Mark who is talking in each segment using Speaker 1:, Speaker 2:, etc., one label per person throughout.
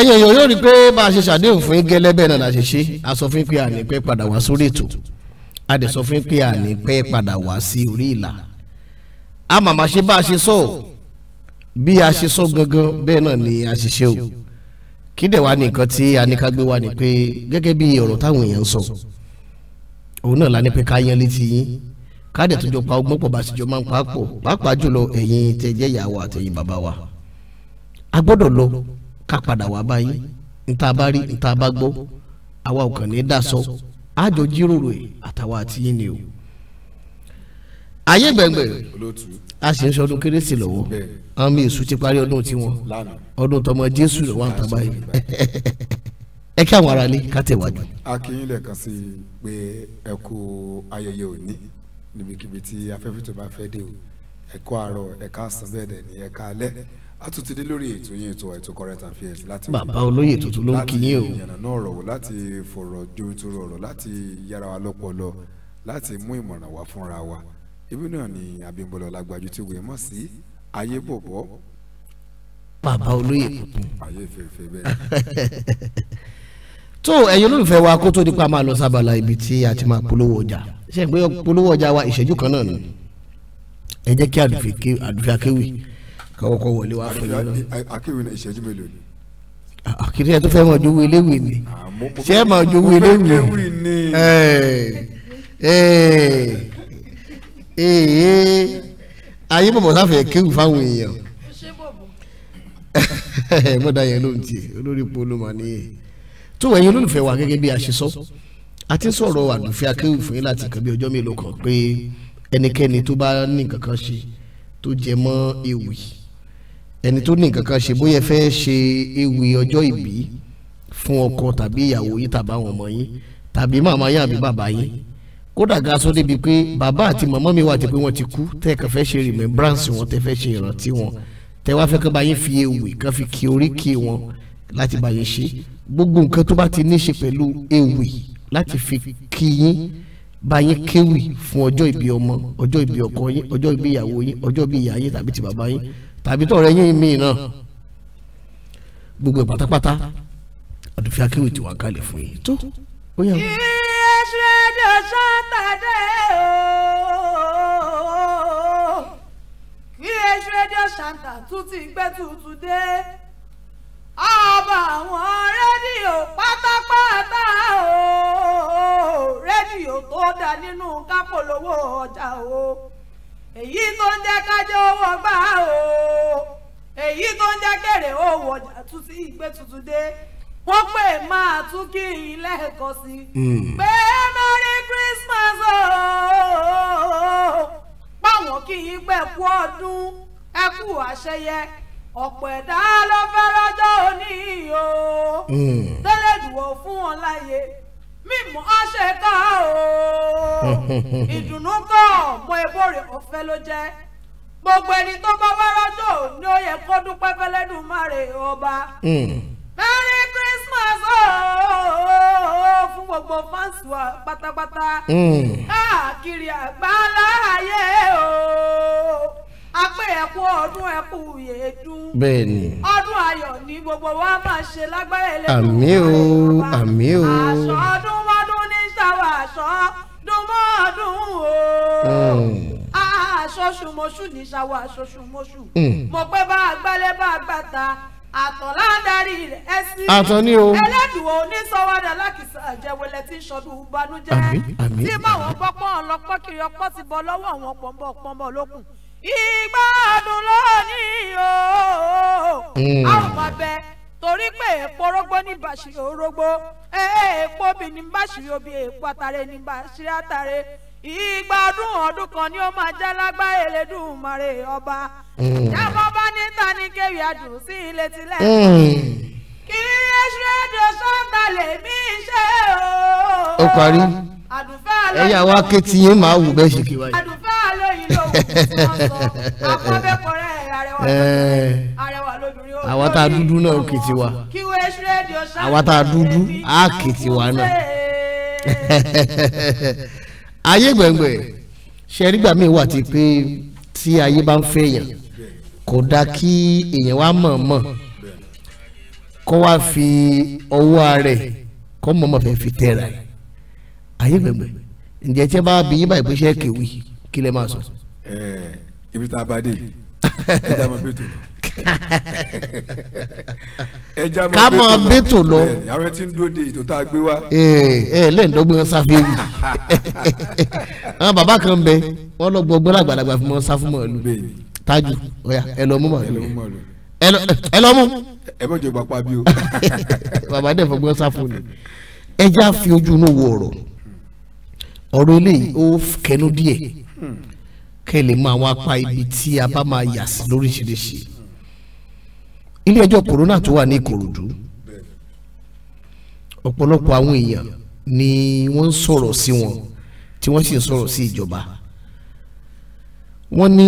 Speaker 1: ẹ̀yin èèyàn yóò rí i pé bá a ṣe ṣàdéhùn fún gẹ́lẹ́bẹ̀ náà la ṣe a sọ fún pé a ní pẹ́ padà wá sórí ètò a dẹ̀ sọ fún pé a ní pẹ́ padà wá sí orí ìlà a màmá ṣe bá a ṣe sọ bí a ṣe sọ gangan bẹ́ẹ̀ náà ni a ṣe ṣe o kí dẹ̀ wá nìkan tí a ní ká gbé wá ni pé gẹ́gẹ́ bí ọ̀rọ̀ táwọn èèyàn ń sọ òun náà la ní pé ká yan létí yín ká dẹ̀ tó jọ pa ọgbọ́n pọ̀ bá a ṣe jọ máa ń pa á pọ̀ pàápàá jùlọ ẹ̀yin tẹ̀jẹ̀ ìyàwó àtẹ̀yìn bàbá wa a gbọ́dọ̀ lọ ká padà wá báyìí níta bá rí níta bá gbọ́ àwa ò kàn ní dá sọ àjọ jíròrò ẹ̀ àtàwa àti yín ni o. ayé gbẹ̀ngbẹ̀ a sì ń sọdún kérésì lọ́wọ́ àwọn mi èso ti parí ọdún tiwọn ọdún tọmọ jésù lọ́wọ́ àǹtà báyìí ẹ kí àwọn aráalé ká tẹ̀wájú.
Speaker 2: a kì í lẹ́ẹ̀kan sí i pé ẹ kú ayẹyẹ òní níbikíbi tí afẹ́fẹ́ tó bá fẹ́ dé o ẹ kú àárọ̀ ẹ ká sàn bẹ́ẹ̀ dẹ̀ ní ẹ ká alẹ́ a tún ti dé lórí ètò yín ètò ètò current affairs láti. bàbá olóyè tuntun ló ń kí yín o. láti yànnà náà rọ̀wọ̀ láti fọ̀rọ̀ jomitoro ọ̀rọ̀ láti yára wa lọ́pọlọ láti mú ìmọ̀ràn wá fúnra wa ibi náà ni Abímbọ́lá Ọlágbájú ti wèé mọ̀ sí ayé bọ̀bọ̀.
Speaker 1: bàbá olóyè tuntun. ayé
Speaker 2: fèfè bẹ́ẹ̀.
Speaker 1: tó ẹ̀yin olólùfẹ́ wa kó tó di pa máa lọ sábàlá ibi tí a ti máa polówó ọjà ṣe é polówó ọjà wa ìṣẹ́jú kan náà ni ẹ jẹ́ kí àdùfẹ́ kéwì kọ́kọ́ wọlé wá fún yín.
Speaker 2: akéwì náà ìṣẹ́jú mélòó ni.
Speaker 1: àkìrí ah, ah, ẹ tó fẹ́ mọ̀ ju wo eléwì ni ah, ṣé ẹ mọ̀ ju wo eléwì ni eh, eh, eh, ayé bọ̀bọ̀ sáfẹ̀ kéwì fáwọn èèyàn mọ̀dá yẹn ló ń tiẹ̀ olórí polo mà nìyẹn tó ẹ̀yin olólùfẹ́ wa gẹ́gẹ́ bí a ṣe sọ a ti ń sọ̀rọ̀ àdùnfẹ́ akéwì fún yín láti kàn bí ọjọ́ mélòó kan pé ẹnikẹ́ni tó bá ní nǹkan ṣe tó jẹ mọ́ ewì ẹni tó ní nǹkan kan ṣe bóyá ẹ fẹ́ ṣe ewì ọjọ́ ìbí fún ọkọ tàbí ìyàwó yín tàbí àwọn ọmọ yín tàbí màmá yín àbí bàbá yín kódà ga sọ débi pé bàbá àti màmá mi wà tí pé wọ́n ti kú tẹ́ kàn fẹ́ ṣe remembrance wọn tẹ́ fẹ́ ṣe ìrántí wọn tẹ́ wá fẹ́ kàn bá yín fi ewì kàn fi kí oríkì wọn láti bá yín ṣe gbogbo nǹkan tó bá ti ní ṣe pẹ̀lú ewì láti fi kí yín bá yín kéwì fún ọjọ́ ìbí ọmọ ọjọ́ ìbí ọkọ yín ọjọ́ ìbí ìyàwó yín ọjọ́ ìbí ìyá yín tàbí ti bàbá yín tàbí tọ̀rẹ́ yín míì náà gbogbo pátápátá àdùfẹ́ akéwì ti wà kalẹ̀ fún yín tó ó yà wọ́n. iye
Speaker 3: ṣẹ́jọ sátàdé o iye ṣẹ́jọ sátà tún ti gbé tuntun dé ọba àwọn rédíò pátápátá o rédíò tó dá nínú kápolówó ọjà o èyí tó ń jẹ́ kájọ owó gbà o èyí tó ń jẹ́ kéré owó ọjà tún ìgbé tuntun dé wọ́n pè máa tún kí yín lẹ́ẹ̀kan sí i hmm. pé merry christmas o báwọn kì í pẹ́ kú ọdún ẹ kú àṣeyẹ ọ̀pọ̀ ẹ̀dá ló fẹ́ rọ́jọ́ òní o hmm. tẹ́lẹ̀ jùwọ̀ fún wọn láyé mímú àṣekà o ìdùnnú kọ mọ ebore ọ̀fẹ́ ló jẹ́ gbogbo ẹni tó bá wá rọjò ni ó yẹ kó dúpẹ́ fẹ́lẹ́dùmarè ọba hmm. merry christmas ooo fún gbogbo fáǹsì wa pátápátá hmm. káàkiri àgbáńlá ayé ooo apẹ́ ẹ̀kú ọdún ẹ̀kú yèédún. bẹ́ẹ̀ni. ọdún ayọ̀ ni gbogbo wa máa ṣe lágbára
Speaker 1: ẹlẹ́dùn. àmì o
Speaker 3: ọdún aṣọ dùnmọ́ọ̀dún o hmm. aṣọ́ṣùmọ́ṣù ní ṣàwọ̀ aṣọ́ṣùmọ́ṣù hmm. mo pé bá a gbálẹ̀ bá a gbàtà àtọ̀ láńdarí rẹ̀ ẹ sí. àtọ̀ ni o. ẹlẹ́dùnwó onísọ̀wádà lákìsà jẹ́wẹ́lẹ́ tí ń ṣọdún ìbànújẹ́ tí báwọn gbọ́pọ̀ ọlọ́pọ̀ kiri ọpọ́ ti bọ́ lọ́wọ́ àwọn pọ̀nbọ̀ pọ̀nbọ̀ lókun. ìgbádùn lónìí o. àwọn ọmọ bẹ́ẹ̀ torí pé èèpo orógbó ní bàṣírí orógbó èèpo obì ní bàṣírí obì èèpo àtàrẹ ní bàṣírí àtàrẹ ìgbà ọdún ọdún kan ni ó máa jẹ́ lágbá Elédùmarè
Speaker 1: ọba hmm. jábọ́ bá ní kéwì
Speaker 3: àdùn sí ilé tilẹ̀ hmm.
Speaker 1: kí ẹ ṣe é dòṣọ́ ta lèmi ṣe o. ó parí ẹ̀yà wa kétí yín máa wù bẹ́ẹ̀ ṣe kí wáyé. àdùnfẹ́ àlóyìn ló wù tí wọ́n sọ akọ́bẹ́kọ̀rẹ́ àrẹwà lóbìnrin àwa tá a dúdú náà ó kétí wa
Speaker 3: àwa tá a dúdú
Speaker 1: á kétí wa náà. ayé gbẹ̀ngbẹ̀ ṣe nígbà wà tí pé tí ayé bá ń fẹ́ èèyàn kò dáa kí èèyàn wá mọ̀ọ́mọ̀ kó wá fi ọwọ́ rẹ̀ kó mọ̀ọ́mọ̀ fẹ́ fi tẹ̀ ra ẹ̀ ayé gbẹgbẹ ǹjẹ́ tí ẹ bá bí yín báyìí bó ṣe é kéwì kí lè máa sọ.
Speaker 2: ẹ ibi tá a bá dé yìí ẹ já máa bẹ́tò lọ. ká máa bẹ́tò lọ. àwọn tí ń dóde ètò tá a gbé wá. ẹ
Speaker 1: ẹ lẹ́yìn dọ́gbọ́n sáfẹ́rì àwọn bàbá kan bẹ wọ́n lọ gbọ́gbọ́n àgbàlagbà fún wọn sáfúnmọ́ ìlú tájù ọ̀yà ẹ lọ mú màlúù ẹ lọ mú. ẹ bọ́ jọ gbàpá bí o. bàbá dẹ̀ fọgbọ́n sáfún ni ẹ fi ojú inú wo ọ̀rọ̀ ọ̀rọ̀ eléyìí ó kẹnu díẹ̀ kẹ́ ẹ lè máa wá pa ibi tí a bá máa yà sí lóríṣiríṣi ilé ẹjọ́ kòrónà tó wà ní Ìkòròdú ọ̀pọ̀lọpọ̀ àwọn èèyàn ni wọ́n ń sọ̀rọ̀ sí wọn tí wọ́n sì ń sọ̀rọ̀ sí ìjọba wọ́n ní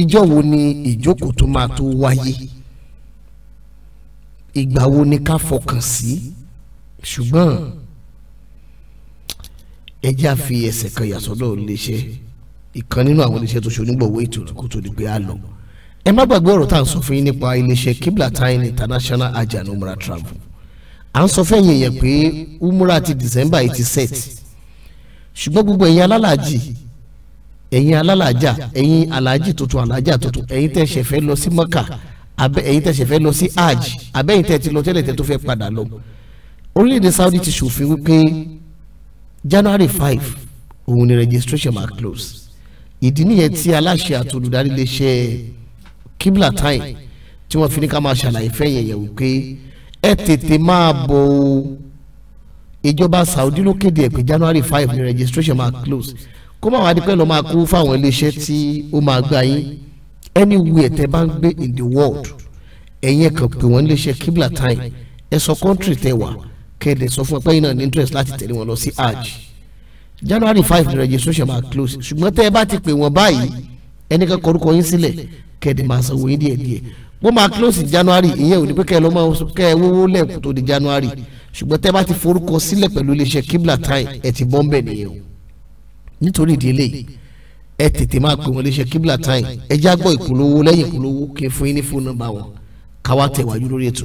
Speaker 1: ìjọ́ wo ni ìjókòó tó máa tó wáyé ìgbà wo ni ká fọkàn sí ṣùgbọ́n. Si ẹjẹ́ àfi ẹsẹ̀ kan yàsọ́dọ̀ iléeṣẹ́ ìkan nínú àwọn iléeṣẹ́ tó ṣe onígbọ̀wọ́ ètò kó tó di pé a lọ. ẹ má gbàgbé ọ̀rọ̀ tá à ń sọ fún yín nípa iléeṣẹ́ Kiblatin International Hajj and Travel à ń sọ fẹ́yìn èèyàn pé umrah ti December eighty set ṣùgbọ́n gbogbo ẹ̀yin alálàájì ẹ̀yin alálàájà ẹ̀yin aláàjì tuntun aláàjà tuntun ẹ̀yin tẹ́ ṣẹ̀ fẹ́ lọ sí Mọ́kà abẹ́ ẹ̀yin tẹ́ ṣẹ̀ fẹ́ lọ sí hajj abẹ́yìn tẹ́ ti lọ tẹ́lẹ̀ tẹ́ tó fẹ́ padà lọ orílẹ̀-èdè Saudi ti ṣòfin wípé January five òun ni registration máa close ìdí nìyẹn tí aláṣẹ àti olùdarí lè ṣe kibla time tí wọ́n fi ní ká máa ṣàlàyé fẹ́yìn ẹ̀yẹ̀ wípé ẹ tètè máa bọ̀ o ìjọba Saudi ló kéde ẹ̀ pé January five ni registration máa close kó má wàá di pẹ́ lọ́ máa kú fáwọn iléeṣẹ́ tí ó máa gbà yín anywhere tẹ́ bá ń gbé in the world ẹ̀yin ẹ̀kan pé wọ́n iléeṣẹ́ kibla time ẹ country tẹ́ wà kẹ́ẹ̀dẹ̀ sọ fún ọ pé iná ní interest láti tẹ̀lé wọn lọ sí hajj january five ni registration máa close ṣùgbọ́n tẹ́ ẹ bá ti pè wọ́n báyìí ẹnìkan kọrúkọ yín sílẹ̀ kẹ́ẹ̀dẹ̀ máa sanwó yín díẹ̀ díẹ̀ wọ́n máa close january ìyẹn ò ní pé kẹ́ẹ̀ lọ́ máa kẹ́ ẹ wọ́wọ́ lẹ́ẹ̀kú tó di january ṣùgbọ́n tẹ́ ẹ bá ti forúkọ sílẹ̀ pẹ̀lú iléeṣẹ́ kibla time ẹ̀ ti bọ́ ń bẹ̀ nìyẹn o nítorí ìdílé ẹ tètè máa pè wọ́n iléeṣẹ́ kibla time ẹ jágbọ́ ìpolówó lẹ́yìn ìpolówó kí n fún yín ní fóònù nọ́mbà wọn káwá tẹ̀wájú lórí ètò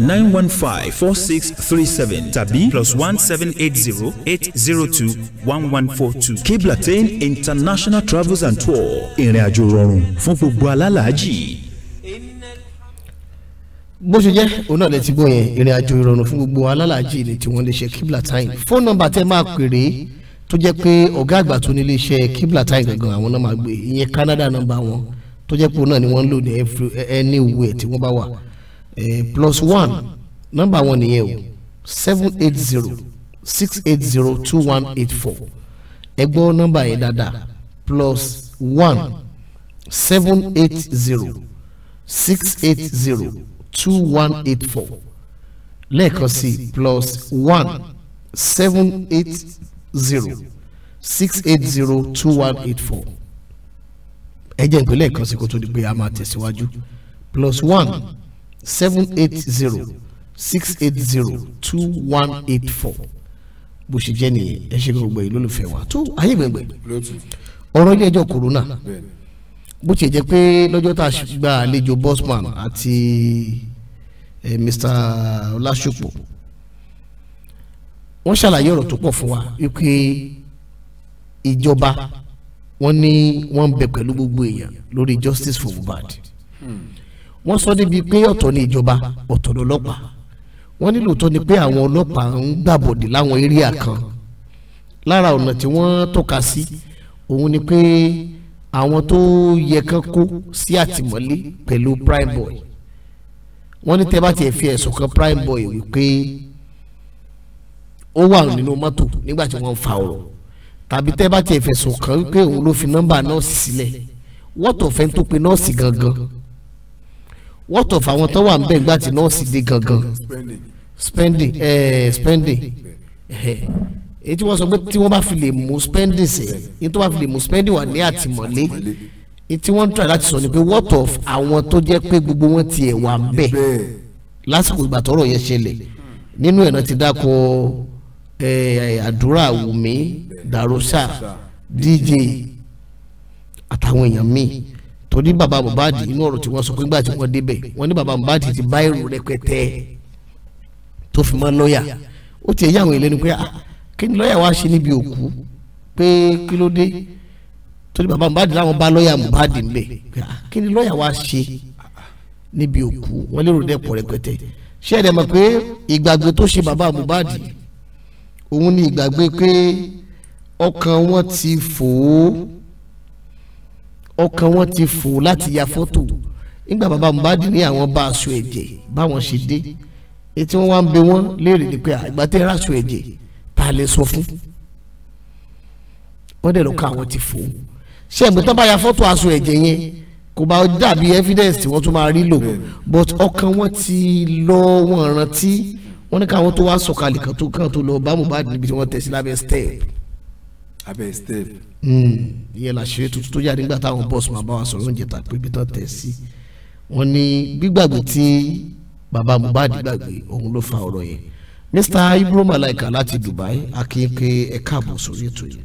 Speaker 4: nine one five four six three seven tabi plus one seven eight zero eight zero two one one four two. Kiblatain International Travels and Tour ìrìn rọrùn fún gbogbo alálàájì. bó ṣe jẹ́
Speaker 1: òun náà lè ti gbọ́ yẹn ìrìn fún gbogbo alálàájì ni tí wọ́n lè ṣe Kiblatain fóònù nọ́mbà tẹ́ máa pèrè tó jẹ́ pé ọ̀gá àgbà tó nílé iṣẹ́ Kiblatain gangan àwọn náà máa gbé ìyẹn Canada nọ́mbà wọn tó jẹ́ pé òun náà ni wọ́n ń lò ní anywhere tí wọ́n bá wà. Eh, plus one number one nìyẹn o seven eight zero six eight zero two one eight four ẹ number nọ́mbà yẹn dáadáa plus one seven eight zero six eight zero two one eight four lẹ́ẹ̀kan sí plus one seven eight zero six eight zero two one eight four ẹ jẹ́ ìpínlẹ̀ kan sí kó tó di pé a máa tẹ̀síwájú plus one seven eight zero six eight zero two one eight four bó ṣe jẹ́ nìyẹn ẹ ṣe gbogbo yìí lólùfẹ́ wa tó ayé gbẹ̀ngbẹ̀ ọ̀rọ̀ ilé ẹjọ́ corona bó ṣe jẹ́ pé lọ́jọ́ tá a gba àlejò bosman àti Mr. Ọlásùpọ̀ wọ́n ṣàlàyé ọ̀rọ̀ tó pọ̀ fún wa wípé ìjọba wọ́n ní wọ́n bẹ pẹ̀lú gbogbo èèyàn lórí justice for bad. Hmm wọ́n sọ débi pé ọ̀tọ̀ ní ìjọba ọ̀tọ̀ lọ́lọ́pàá wọ́n nílò tó ni pé àwọn ọlọ́pàá ń gbàbọ̀dé láwọn eréà kan lára ọ̀nà tí wọ́n tọ́ka sí òun ni pé àwọn tó yẹ kán kó sí àtìmọ́lé pẹ̀lú prime boy wọ́n ní tẹ́ bá tiẹ̀ fi ẹ̀sùn kan prime boy wípé ó wà nínú mọ́tò nígbà tí wọ́n ń fa ọ̀rọ̀ tàbí tẹ́ bá tiẹ̀ fẹ̀sùn kan wípé òun ló fi nọ́mbà nọ́ọ̀sì sílẹ̀ wọ́tò fẹ́ tó pe nọ́ọ̀sì gangan what of àwọn tó wà ń bẹ̀ ńgbà tí nọ́ọ̀sì dé gangan spending eh, spending èyí tí wọ́n sọ pé tí wọ́n bá fi lè mú spending sí èyí tó bá fi lè mú spending wà ní àtìmọ́lé èyí tí wọ́n ń try láti sọ ni pé what of àwọn tó jẹ́ pé gbogbo wọn tiẹ̀ wà ń bẹ̀ lásìkò ìgbà tọ́rọ̀ yẹn ṣẹlẹ̀ nínú ẹ̀ náà ti dákọ àdúrà wùmí dàrúṣà dj àtàwọn èèyàn míì torí baba Mohbad inú ọ̀rọ̀ tí wọ́n sọ pé nígbà tí wọ́n débẹ̀ wọ́n ní bàbá Mohbad ti bá èrò rẹpẹtẹ tó fi mọ́ lọ́ọ̀yà ó ti yà àwọn ìlẹ́nu pé ah, kí ni lọ́ọ̀yà wa ṣe níbi òkú pé kí ló dé torí bàbá Mohbad láwọn bá lọ́ọ̀yà Mohbad ńbẹ̀ ah, kí ni lọ́ọ̀yà wa ṣe níbi òkú wọ́n lérò dẹ́pọ̀ rẹpẹtẹ ṣé ẹ̀dẹ̀ mọ̀ pé ìgbàgbé tó ṣe bàbá Mohbad òun ni ìgbàgbé pé ọkàn wọn ti fòó ọkàn wọn ti fò láti ya fọ́tò nígbà bàbá Mohbad ní àwọn bá aṣọ ẹ̀jẹ̀ báwọn ṣe dé etí wọn wá ń bẹ wọn léèrè ni pé àgbà tẹ́ ra aṣọ ẹ̀jẹ̀ ta lè sọ fún wọn dẹ̀ lọ́kàn àwọn ti fò ṣé ẹ̀gbẹ́ tó bá ya fọ́tò aṣọ ẹ̀jẹ̀ yẹn kò bá dàbí evidence tí wọ́n tún máa rí lò but ọkàn wọn ti lọ wọn rántí wọn ní káwọn tó wá sọ̀kalẹ̀ kan tó kàn tó lọ bá Mohbad níbi tí wọ́n tẹ̀ sí lábẹ́ step abẹ́ step. Hmm. ìyẹn la ṣe tuntun tó jáde nígbà táwọn bọ́ọ̀sì máa bá wa sọ̀rọ̀ oúnjẹ tàbí ibi tán tẹ̀ sí wọ́n ní gbígbàgbé tí bàbá Mohbad gbàgbé òun ló fa ọ̀rọ̀ yẹn Mr Ibro Malaika láti Dubai akínke ẹ̀ka àbọ̀ sórí ètò yìí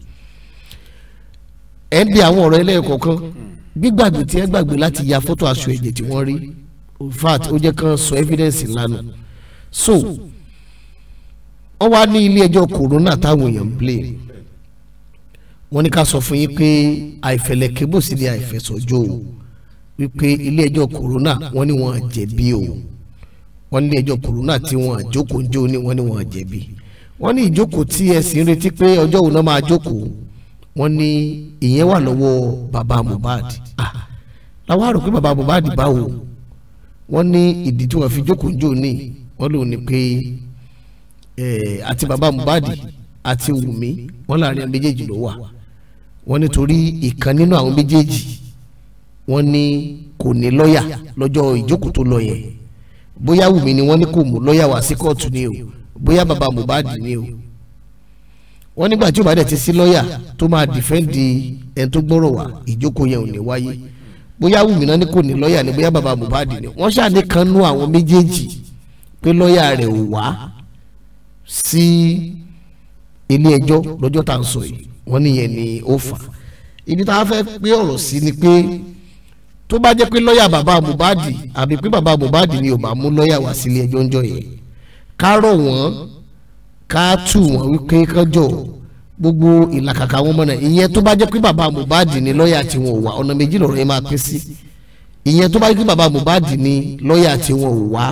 Speaker 1: ẹ̀ ń di àwọn ọ̀rọ̀ ẹlẹ́ẹ̀kọ̀ọ̀kan gbígbàgbé tí ẹ gbàgbé láti ya fọ́tò aṣọ ẹ̀jẹ̀ tí wọ́n rí in ó jẹ́ kán sọ evidence ńlá so wọ́n wá ní ilé ẹjọ́ corona táwọn èèyàn ń blame wọ́n ní ká sọ fún yín pé àìfẹ̀lẹ̀ kébù sí ni àìfẹ̀sọ̀jọ́ o wípé ilé ẹjọ́ kòrónà wọ́n ní wọ́n jẹ̀bi o wọ́n ní ilé ẹjọ́ kòrónà tí wọ́n àjókòó ń jó ní wọ́n ní wọ́n jẹ̀bi wọ́n ní ìjókòó tí ẹ sì ń retí pé ọjọ́ òun náà máa jókòó wọ́n ní ìyẹn wà lọ́wọ́ bàbá Mohbad ah làwọn àrò pé bàbá Mohbad báwo wọ́n ní ìdí tí wọ́n fi jókòó ń jó ní wọ́n lòun ni pé àti bàbá Mohbad àti Wùmí wọ́n láàrin méjèèjì ló wà wọ́n nítorí ìkan nínú àwọn méjèèjì wọ́n ní kò ní lọ́ọ̀yà lọ́jọ́ ìjókòó tó lọ yẹn bóyá Wùmí ni wọ́n ní kò mú lọ́ọ̀yà wá sí kóòtù ni o bóyá bàbá Mohbad ni o wọ́n nígbà tí ó dẹ̀ ti sí lọ́ọ̀yà tó máa dìfẹ́ǹdì ẹni tó gbọ́rọ̀ wá ìjókòó yẹn ò ní wáyé bóyá Wùmí náà ní kò ní lọ́ọ̀yà ni bóyá bàbá Mohbad ni wọ́n ṣàdé kan nú àwọn méjèèjì pé lọ́ọ̀yà rẹ̀ ò wá sí ilé ẹjọ́ lọ́jọ́ tá à ń sọ yìí wọ́n nìyẹn ni ó fà á ibi tá a fẹ́ pé ọ̀rọ̀ sí ni pé tó bá jẹ́ pé lọ́ọ̀yà bàbá Mohbad àbí pé bàbá Mohbad ni ò bá mú lọ́ọ̀yà wá sílé ẹjọ́ ńjọ́ yẹn ká rọ̀ wọ́n ká tù wọ́n wípé kánjọ́ gbogbo ìlàkàkà wọn mọ̀nà ìyẹn tó bá jẹ́ pé bàbá Mohbad ni lọ́ọ̀yà tí wọn ò wá ọ̀nà méjì lọ́rọ̀ yẹn máa pín sí ìyẹn tó bá jẹ́ pé bàbá Mohbad ni lọ́ọ̀yà tí wọn ò wá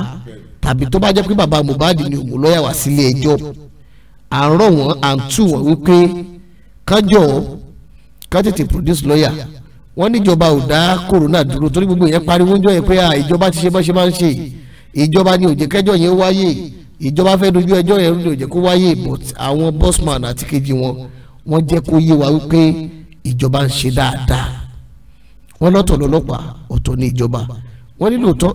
Speaker 1: tàbí tó bá jẹ́ pé bàbá Mohbad ni ò mú lọ́ọ̀yà wá sílé ẹjọ́ à ń rọ̀ wọ́n à ń tù wọ́n wípé kájọ ká ti produce lawyer wọ́n níjọba ò dá corona dúró torí gbogbo yẹn pariwo ń jọ yẹn pé ìjọba ti ṣe bá ṣe máa ń ṣe ìjọba ni ó jẹ́ kẹ́jọ́ yẹn wáyé ìjọba fẹ́ dojú ẹjọ́ yẹn ló jẹ́ kó wáyé but àwọn bosman àti kejì wọn wọ́n jẹ́ kó yé wa wípé ìjọba ń ṣe dáadáa wọ́n lọ́tọ̀ lọ́lọ́pàá ọ̀tọ̀ ní ìjọba wọ́n nílò tọ́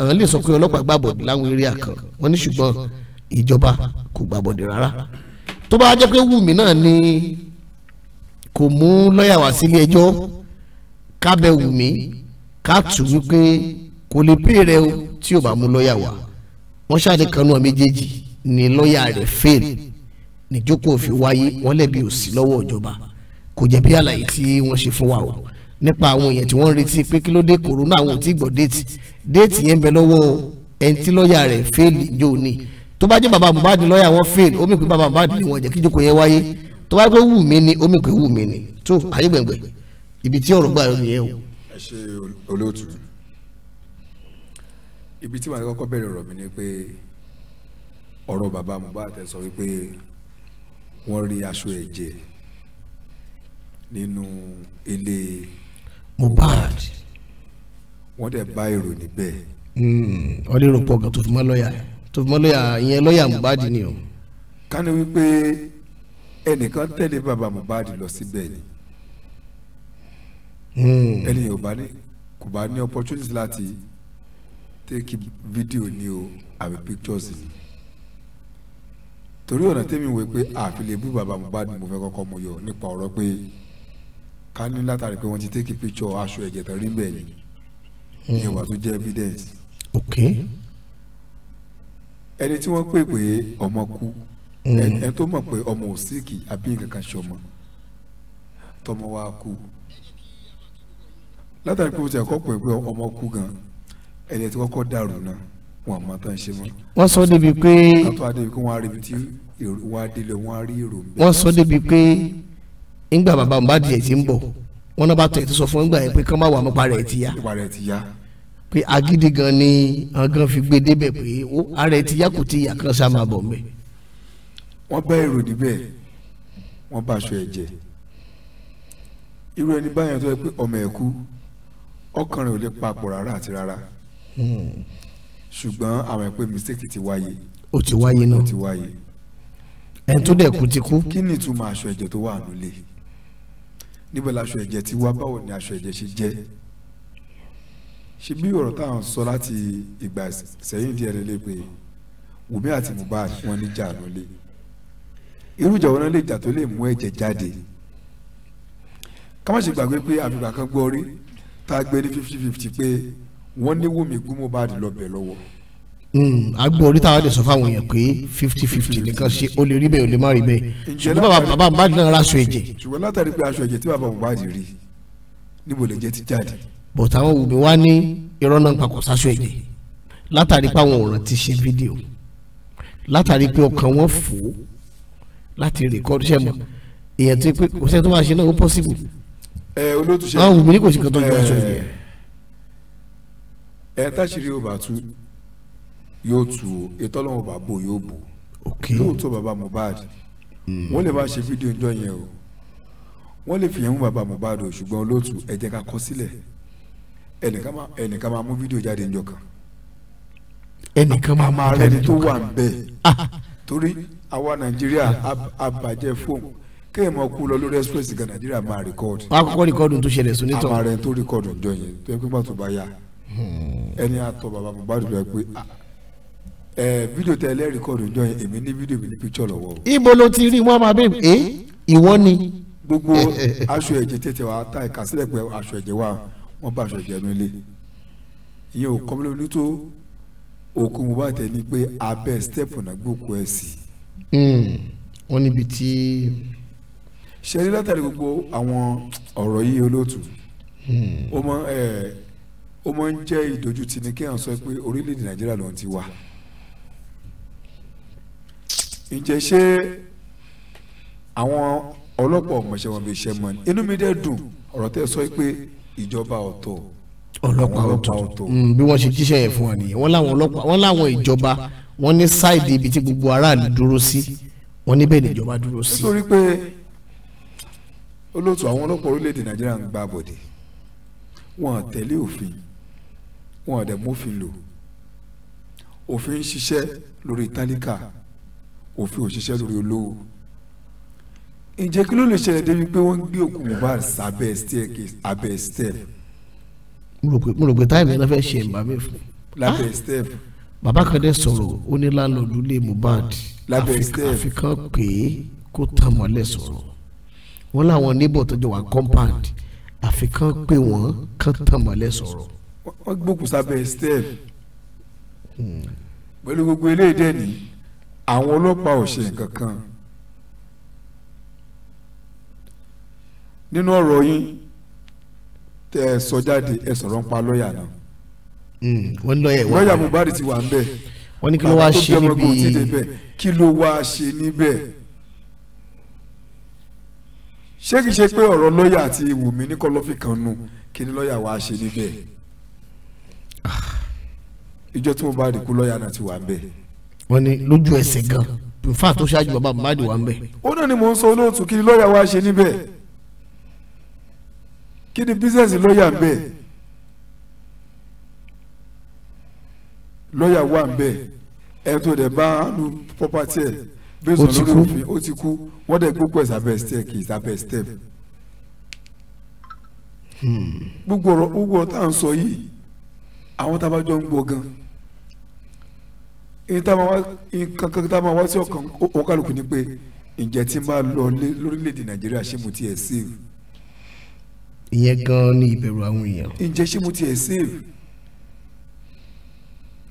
Speaker 1: àwọn lè sọ pé ọlọ́pàá gbàbọ̀ láwọn eré àkàn wọ́n ní ṣùgbọ́n ìjọba kò gbàbọ̀dẹ̀ rárá tó bá jẹ́ pé Wùmí náà ni kò mú lọ́ọ̀yà wá sílé ẹjọ́ kábẹ̀ wù mí ká tù wípé kò lè pè o tí ò bá mú lọ́ọ̀yà wá wọ́n ṣáàdì kanú ọ méjèèjì ni lọ́ọ̀yà rẹ̀ fail níjókòó fi wáyé wọ́n lẹ́bi ò sí lọ́wọ́ ìjọba kò jẹ́ bí àlàyé tí wọ́n ṣe fún wa o nípa àwọn èèyàn tí wọ́n ń retí pé kí ló dé kòrónà àwọn ò gbọ́ déètì déètì yẹn ń bẹ lọ́wọ́ ẹni tí lọ́ọ̀yà rẹ̀ fail ìjọ òní tó bá jẹ́ bàbá Mohbad lọ́ọ̀yà wọn fail ó mì pé bàbá Mohbad ni wọ́n jẹ́ kíjókòó yẹn wáyé tó wáyé pé wù mí ni omi pé wù mí ni tó ayé gbẹ̀ngbẹ̀ ibi tí ọ̀rọ̀ gbà yóò o.
Speaker 2: ẹ ṣe olóòtú ibi tí màá kọ́kọ́ bẹ̀rẹ̀ ọ̀rọ̀ mi ni pé ọ̀rọ̀ bàbá Mohbad tẹ sọ wípé wọ́n rí aṣọ ẹ̀jẹ̀ nínú ilé Mohbad wọ́n dẹ̀ bá èrò níbẹ̀.
Speaker 1: Hmm, wọ́n lè rò pọ̀ gan tó fi mọ́ lọ́ọ̀yà tó fi mọ́ lọ́ọ̀yà ìyẹn lọ́ọ̀yà Mohbad ni o.
Speaker 2: ká ní wípé ẹnìkan tẹ̀lé bàbá Mohbad lọ síbẹ̀ ni
Speaker 5: hmm. ẹni yóò
Speaker 2: bá ní kò bá ní opportunity láti tẹ́kì fídíò ni o àbí pictures ni torí ọ̀nà tẹ́mi wò pé àfi lè bú bàbá Mohbad mo fẹ́ kọ́kọ́ mo yọ nípa ọ̀rọ̀ pé ká ní látàrí pé wọ́n ti tẹ́kì picture aṣọ ẹ̀jẹ̀ tán rí bẹ́ẹ̀ ni hmm. ìyẹn wà tó jẹ́ evidence. ok ẹni tí wọ́n pè pé ọmọ kú. Okay Mm. ẹ tó mọ̀ pé ọmọ ò síkì àbí nǹkan kan ṣe ọmọ tọmọ wa kú látàrí pé o ti ẹ̀kọ́ pẹ̀ pé ọmọ kú gan ẹ̀dẹ̀ tí kọ́kọ́ dàrú náà wọn àmọ́ tán ṣe mọ́.
Speaker 1: wọ́n sọ débi pé. wọ́n sọ débi pé wọ́n á rí ibi tí wọ́n á délé wọ́n á rí èrò. wọ́n sọ débi pé ńgbà bàbá Mohbad ẹ̀ ti ń bọ̀ wọ́n náà bá tẹ̀ tó sọ fún ńgbà yẹn pé kán bá wà nípa rẹ̀ ti yá. pé agídí gan ni àwọn fi gbé débẹ̀ pé ara ẹ̀ ti yá kò tí ìyá kan sá máa bọ̀ mẹ́ wọ́n bá èrò níbẹ̀
Speaker 2: wọ́n bá aṣọ ẹ̀ jẹ́ irú ẹni báyọ̀ tó yẹ pé ọmọ ẹ̀ kú ọkàn rẹ̀ ò lè papọ̀ rárá àti rárá hmm. ṣùgbọ́n àwọn ẹ̀pẹ́ mistake ti wáyé
Speaker 1: ó ti wáyé náà ó ti wáyé ẹni tó dẹ̀ kú ti kú.
Speaker 2: kí ni ìtumọ̀ aṣọ ẹ̀jẹ̀ tó wà nílé níbo laṣọ ẹ̀jẹ̀ ti wá báwo ni aṣọ ẹ̀jẹ̀ ṣe jẹ́ ṣe bí ọ̀rọ̀ táwọn sọ láti ìgbà sẹ́yìn díẹ̀ lélẹ́ Wùmí àti Mohbad wọ́n ní jà lólé irú ìjà wo náà lè jà tó lè mú ẹ̀jẹ̀ jáde ká gbàgbé pé àfìgbà kan gbọ́ rí tá a gbé ní fifty fifty pé wọ́n ní Wùmí gún Mohbad lọ bẹ̀ lọ́wọ́.
Speaker 1: Hmm, a gbọ́ orí táwọn lè sọ fáwọn èèyàn pé fifty fifty nìkan ṣe ó lè rí bẹ́ẹ̀ ó lè má rí bẹ́ẹ̀ ṣùgbọ́n bàbá Mohbad náà raṣọ ẹ̀jẹ̀.
Speaker 2: ṣùgbọ́n látàrí pé aṣọ ẹ̀jẹ̀ tí bàbá Mohbad rí níbo lè jẹ́ ti jáde.
Speaker 1: bọ̀ táwọn Wùmí wá ní irọ́ náà papọ̀ sáṣọ ẹ̀jẹ̀ látàrí pé àwọn ọ̀ràn ti ṣe fídíò látàrí pé ọkàn wọn fò láti rìkọ́dù sẹ́mọ̀ èèyàn tó pé kò sẹ́ni tó máa ṣe náà ó pọ́sibù. ẹ olóòtú ṣe àwọn obìnrin kò sí kan tó ń jọ aṣọ ìyẹn.
Speaker 2: ẹ táṣìírí ò tú yóò tu ètò ọlọ́run ò bá bò yóò bò lóòótọ́ bàbá Mohbad hmm. wọ́n lè máa ṣe fídíò ńjọ yẹn o wọ́n lè fi yẹn mú bàbá Mohbad o ṣùgbọ́n olóòtú ẹ jẹ́ ká kọ sílẹ̀ ẹnìkan máa mú fídíò jáde ńjọ kan
Speaker 5: ẹnìkan máa mú jáde ńjọ kan
Speaker 2: ah. torí àwa nàìjíríà àbàjẹ́ fóònù kéèyàn máa kú lọ lórí express gan nàìjíríà máa rìkọ́ọ̀dù. wọn àkọ́kọ́ rìkọ́ọ̀dù tó ṣẹlẹ̀ sún nítọ. àmàrẹ tó rìkọ́ọ̀dù jọ yẹn tó yẹ pé pàtó bá yá ẹni àtọ bàbá Mohbad lọ pé ẹ fídíò tẹ ẹlẹ́rìí kọ́ọ̀dù jọ yẹn èmi ní fídíò mi ní píkṣọ̀ lọ́wọ́. ibo ló
Speaker 1: ti rí wọn máa bẹ ẹ ìwọ ni.
Speaker 2: gbogbo aṣọ ẹ̀jẹ̀ tètè wàá ta ìkàsílẹ̀ pé aṣọ ẹ̀jẹ̀ wa wọ́n bá aṣọ ẹ̀jẹ̀ nílé ìyẹn ò kọ́mọ́lẹ́ onítò òkú Mohbad tẹ ní pé abẹ́ stẹ́pù náà gbòkú ẹ̀ sí
Speaker 1: Hmm, wọ́n níbi tí.
Speaker 2: ṣe rí látàrí gbogbo àwọn ọ̀rọ̀ yìí olóòtú hmm. ó mọ ó mọ ń jẹ́ ìdójútì ni kí à ń sọ pé orílẹ̀-èdè nàìjíríà ló ń ti wá. ǹjẹ́ ṣé àwọn
Speaker 1: ọlọ́pàá ọ̀mọ̀ṣẹ́ wọn
Speaker 2: bí iṣẹ́ mọ́ ni inú mi dẹ́ dùn ọ̀rọ̀ tẹ́ sọ pé ìjọba ọ̀tọ̀
Speaker 1: ọlọ́pàá ọ̀tọ̀ hmm, bí wọ́n ṣe jíṣẹ́ yẹn fún wa nìyẹn wọ́n láwọn ìjọba wọ́n ní sáìdì ibi tí gbogbo aráàlú dúró sí wọ́n níbẹ̀ níjọba dúró sí. nítorí pé
Speaker 2: olóòtú àwọn ọlọ́pàá orílẹ̀-èdè nàìjíríà ń gba bọ̀dẹ̀ wọn tẹ̀lé òfin wọn dẹ̀ mófin lò òfin ń ṣiṣẹ́ lórí tálíkà òfin ò ṣiṣẹ́ lórí olówó ǹjẹ́ kí ló lè ṣẹlẹ̀ débi pé wọ́n ń gbé òkú Mohbad sábẹ́ staircase abẹ́ step.
Speaker 1: mo rò pé táìmù yẹn lọ fẹ́ ṣe ìmọ̀ lábẹ́ step. Ah? bàbá kan dẹ̀ sọ̀rọ̀ ó ní láńlọ́ọ̀dù lé Mohbad àfikàn pé kó tàn mọ́lẹ̀ sọ̀rọ̀ wọ́n láwọn níbọ̀ tó jọ wà compound àfikàn pé wọ́n kàn tàn mọ́lẹ̀ sọ̀rọ̀.
Speaker 2: wọ́n gbókùn sábẹ́ step hmm. pẹ̀lú gbogbo eléyìí dẹ̀ àwọn ọlọ́pàá ò ṣe nǹkan kan nínú ọ̀rọ̀ yín tẹ́ ẹ sọ jáde ẹ sọ̀rọ̀ ń pa lọ́ọ̀yà náà.
Speaker 1: Hmm, wọ́n ní lọ́ọ̀yà ìwà lọ́ọ̀yà Mohbad
Speaker 2: ti wà ń bẹ̀ wọ́n ní kí ló wá ṣe níbi kí ló wá ṣe níbẹ̀ ṣé kìí ṣe pé ọ̀rọ̀ lọ́ọ̀yà àti Wùmí ní kọlọ́fì kan nù kí ni lọ́ọ̀yà wá ṣe níbẹ̀ ìjọ tí mo bá rí kú lọ́ọ̀yà náà ti wà ń bẹ̀.
Speaker 1: wọ́n ní lójú ẹsẹ̀ gan nfa tó ṣáájú bàbá Mohbad wà ń bẹ̀. ó náà ni mò ń sọ olóòtú kí ni
Speaker 2: lọ́ọ̀yà wá ṣe níbẹ̀ kí ni bísíǹsì lọ́ọ̀yà ń bẹ̀ lọ́ọ̀yà wà ń bẹ̀ ẹ̀ tó dẹ̀ bá lu property ẹ̀ based on lórí òfin ó ti kú wọ́n dẹ̀ gbogbo ẹ̀ sábẹ́ step kì í sábẹ́ step. gbogbo ọ̀rọ̀ gbogbo ọ̀rọ̀ tá à ń sọ yìí àwọn tá a bá jọ ń gbọ́ gan nǹkan kan tá a máa wá sí ọkàn ọkàlùkù ni pé ǹjẹ́ tí n bá lọ lórílẹ̀‐èdè nàìjíríà ṣé mo tiẹ̀ save.
Speaker 1: ìyẹn gan-an ni ìbẹ̀rù àwọn èèyàn. ǹjẹ́
Speaker 2: ṣé mo tiẹ̀ save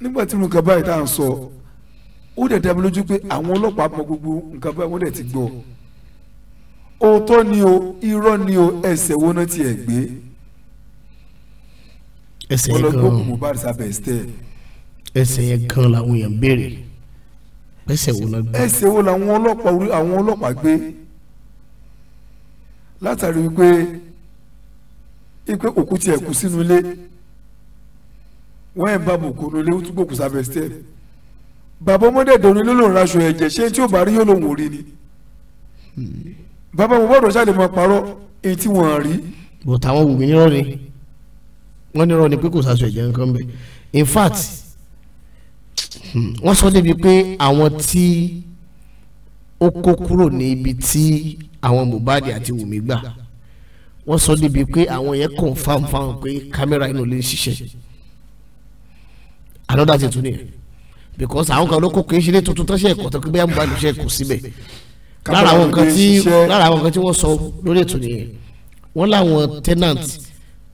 Speaker 2: nígbà tí nǹkan báyìí tá à ń sọ ó dẹ̀ dá mi lójú pé àwọn ọlọ́pàá mọ gbogbo nǹkan báyìí wọ́n dẹ̀ ti gbọ́ òótọ́ ni o irọ́ ni o ẹsẹ̀ wo náà tiẹ̀ gbé
Speaker 1: ẹsẹ̀ yẹn gan ọlọ́gbọ́n
Speaker 2: Mohbad sábẹ̀ ẹsẹ̀
Speaker 1: ẹsẹ̀ yẹn gan làwọn èèyàn béèrè ẹsẹ̀ wo náà gbé
Speaker 2: ẹsẹ̀ wo làwọn ọlọ́pàá orí àwọn ọlọ́pàá gbé látàrí wípé wípé òkú tiẹ̀ kú sínú ilé wọ́n ẹ̀ ń bá bòkó lólé ó tún gbòkú sábẹ́ step bàbá ọmọdé dòní ló lòun raṣọ ẹ̀jẹ̀ ṣé tí ò bá rí yóò lòun ò rí ni
Speaker 1: bàbá Mohbad ṣáà lè máa parọ́ èyí tí wọ́n rí. bò táwọn wùmí nírọ́ ni wọ́n nírọ́ ni pé kò sáṣọ ẹ̀jẹ̀ nǹkan bẹ̀ in fact wọ́n sọ débi pé àwọn tí ó kó kúrò ní ibi tí àwọn Mohbad àti wùmí gbà wọ́n sọ débi pé àwọn yẹn confam fáwọn pé kámẹ́rà inú lè ṣiṣẹ́ another thing tún nìyẹn because àwọn kan ló kó kì í ṣe ilé tuntun tó ṣe ẹ̀kọ́ tó kí bẹ́ẹ̀ mú bá lè ṣe ẹ̀kọ́ síbẹ̀ lára àwọn nǹkan tí lára àwọn nǹkan tí wọ́n sọ lórí ètò nìyẹn wọ́n láwọn tenant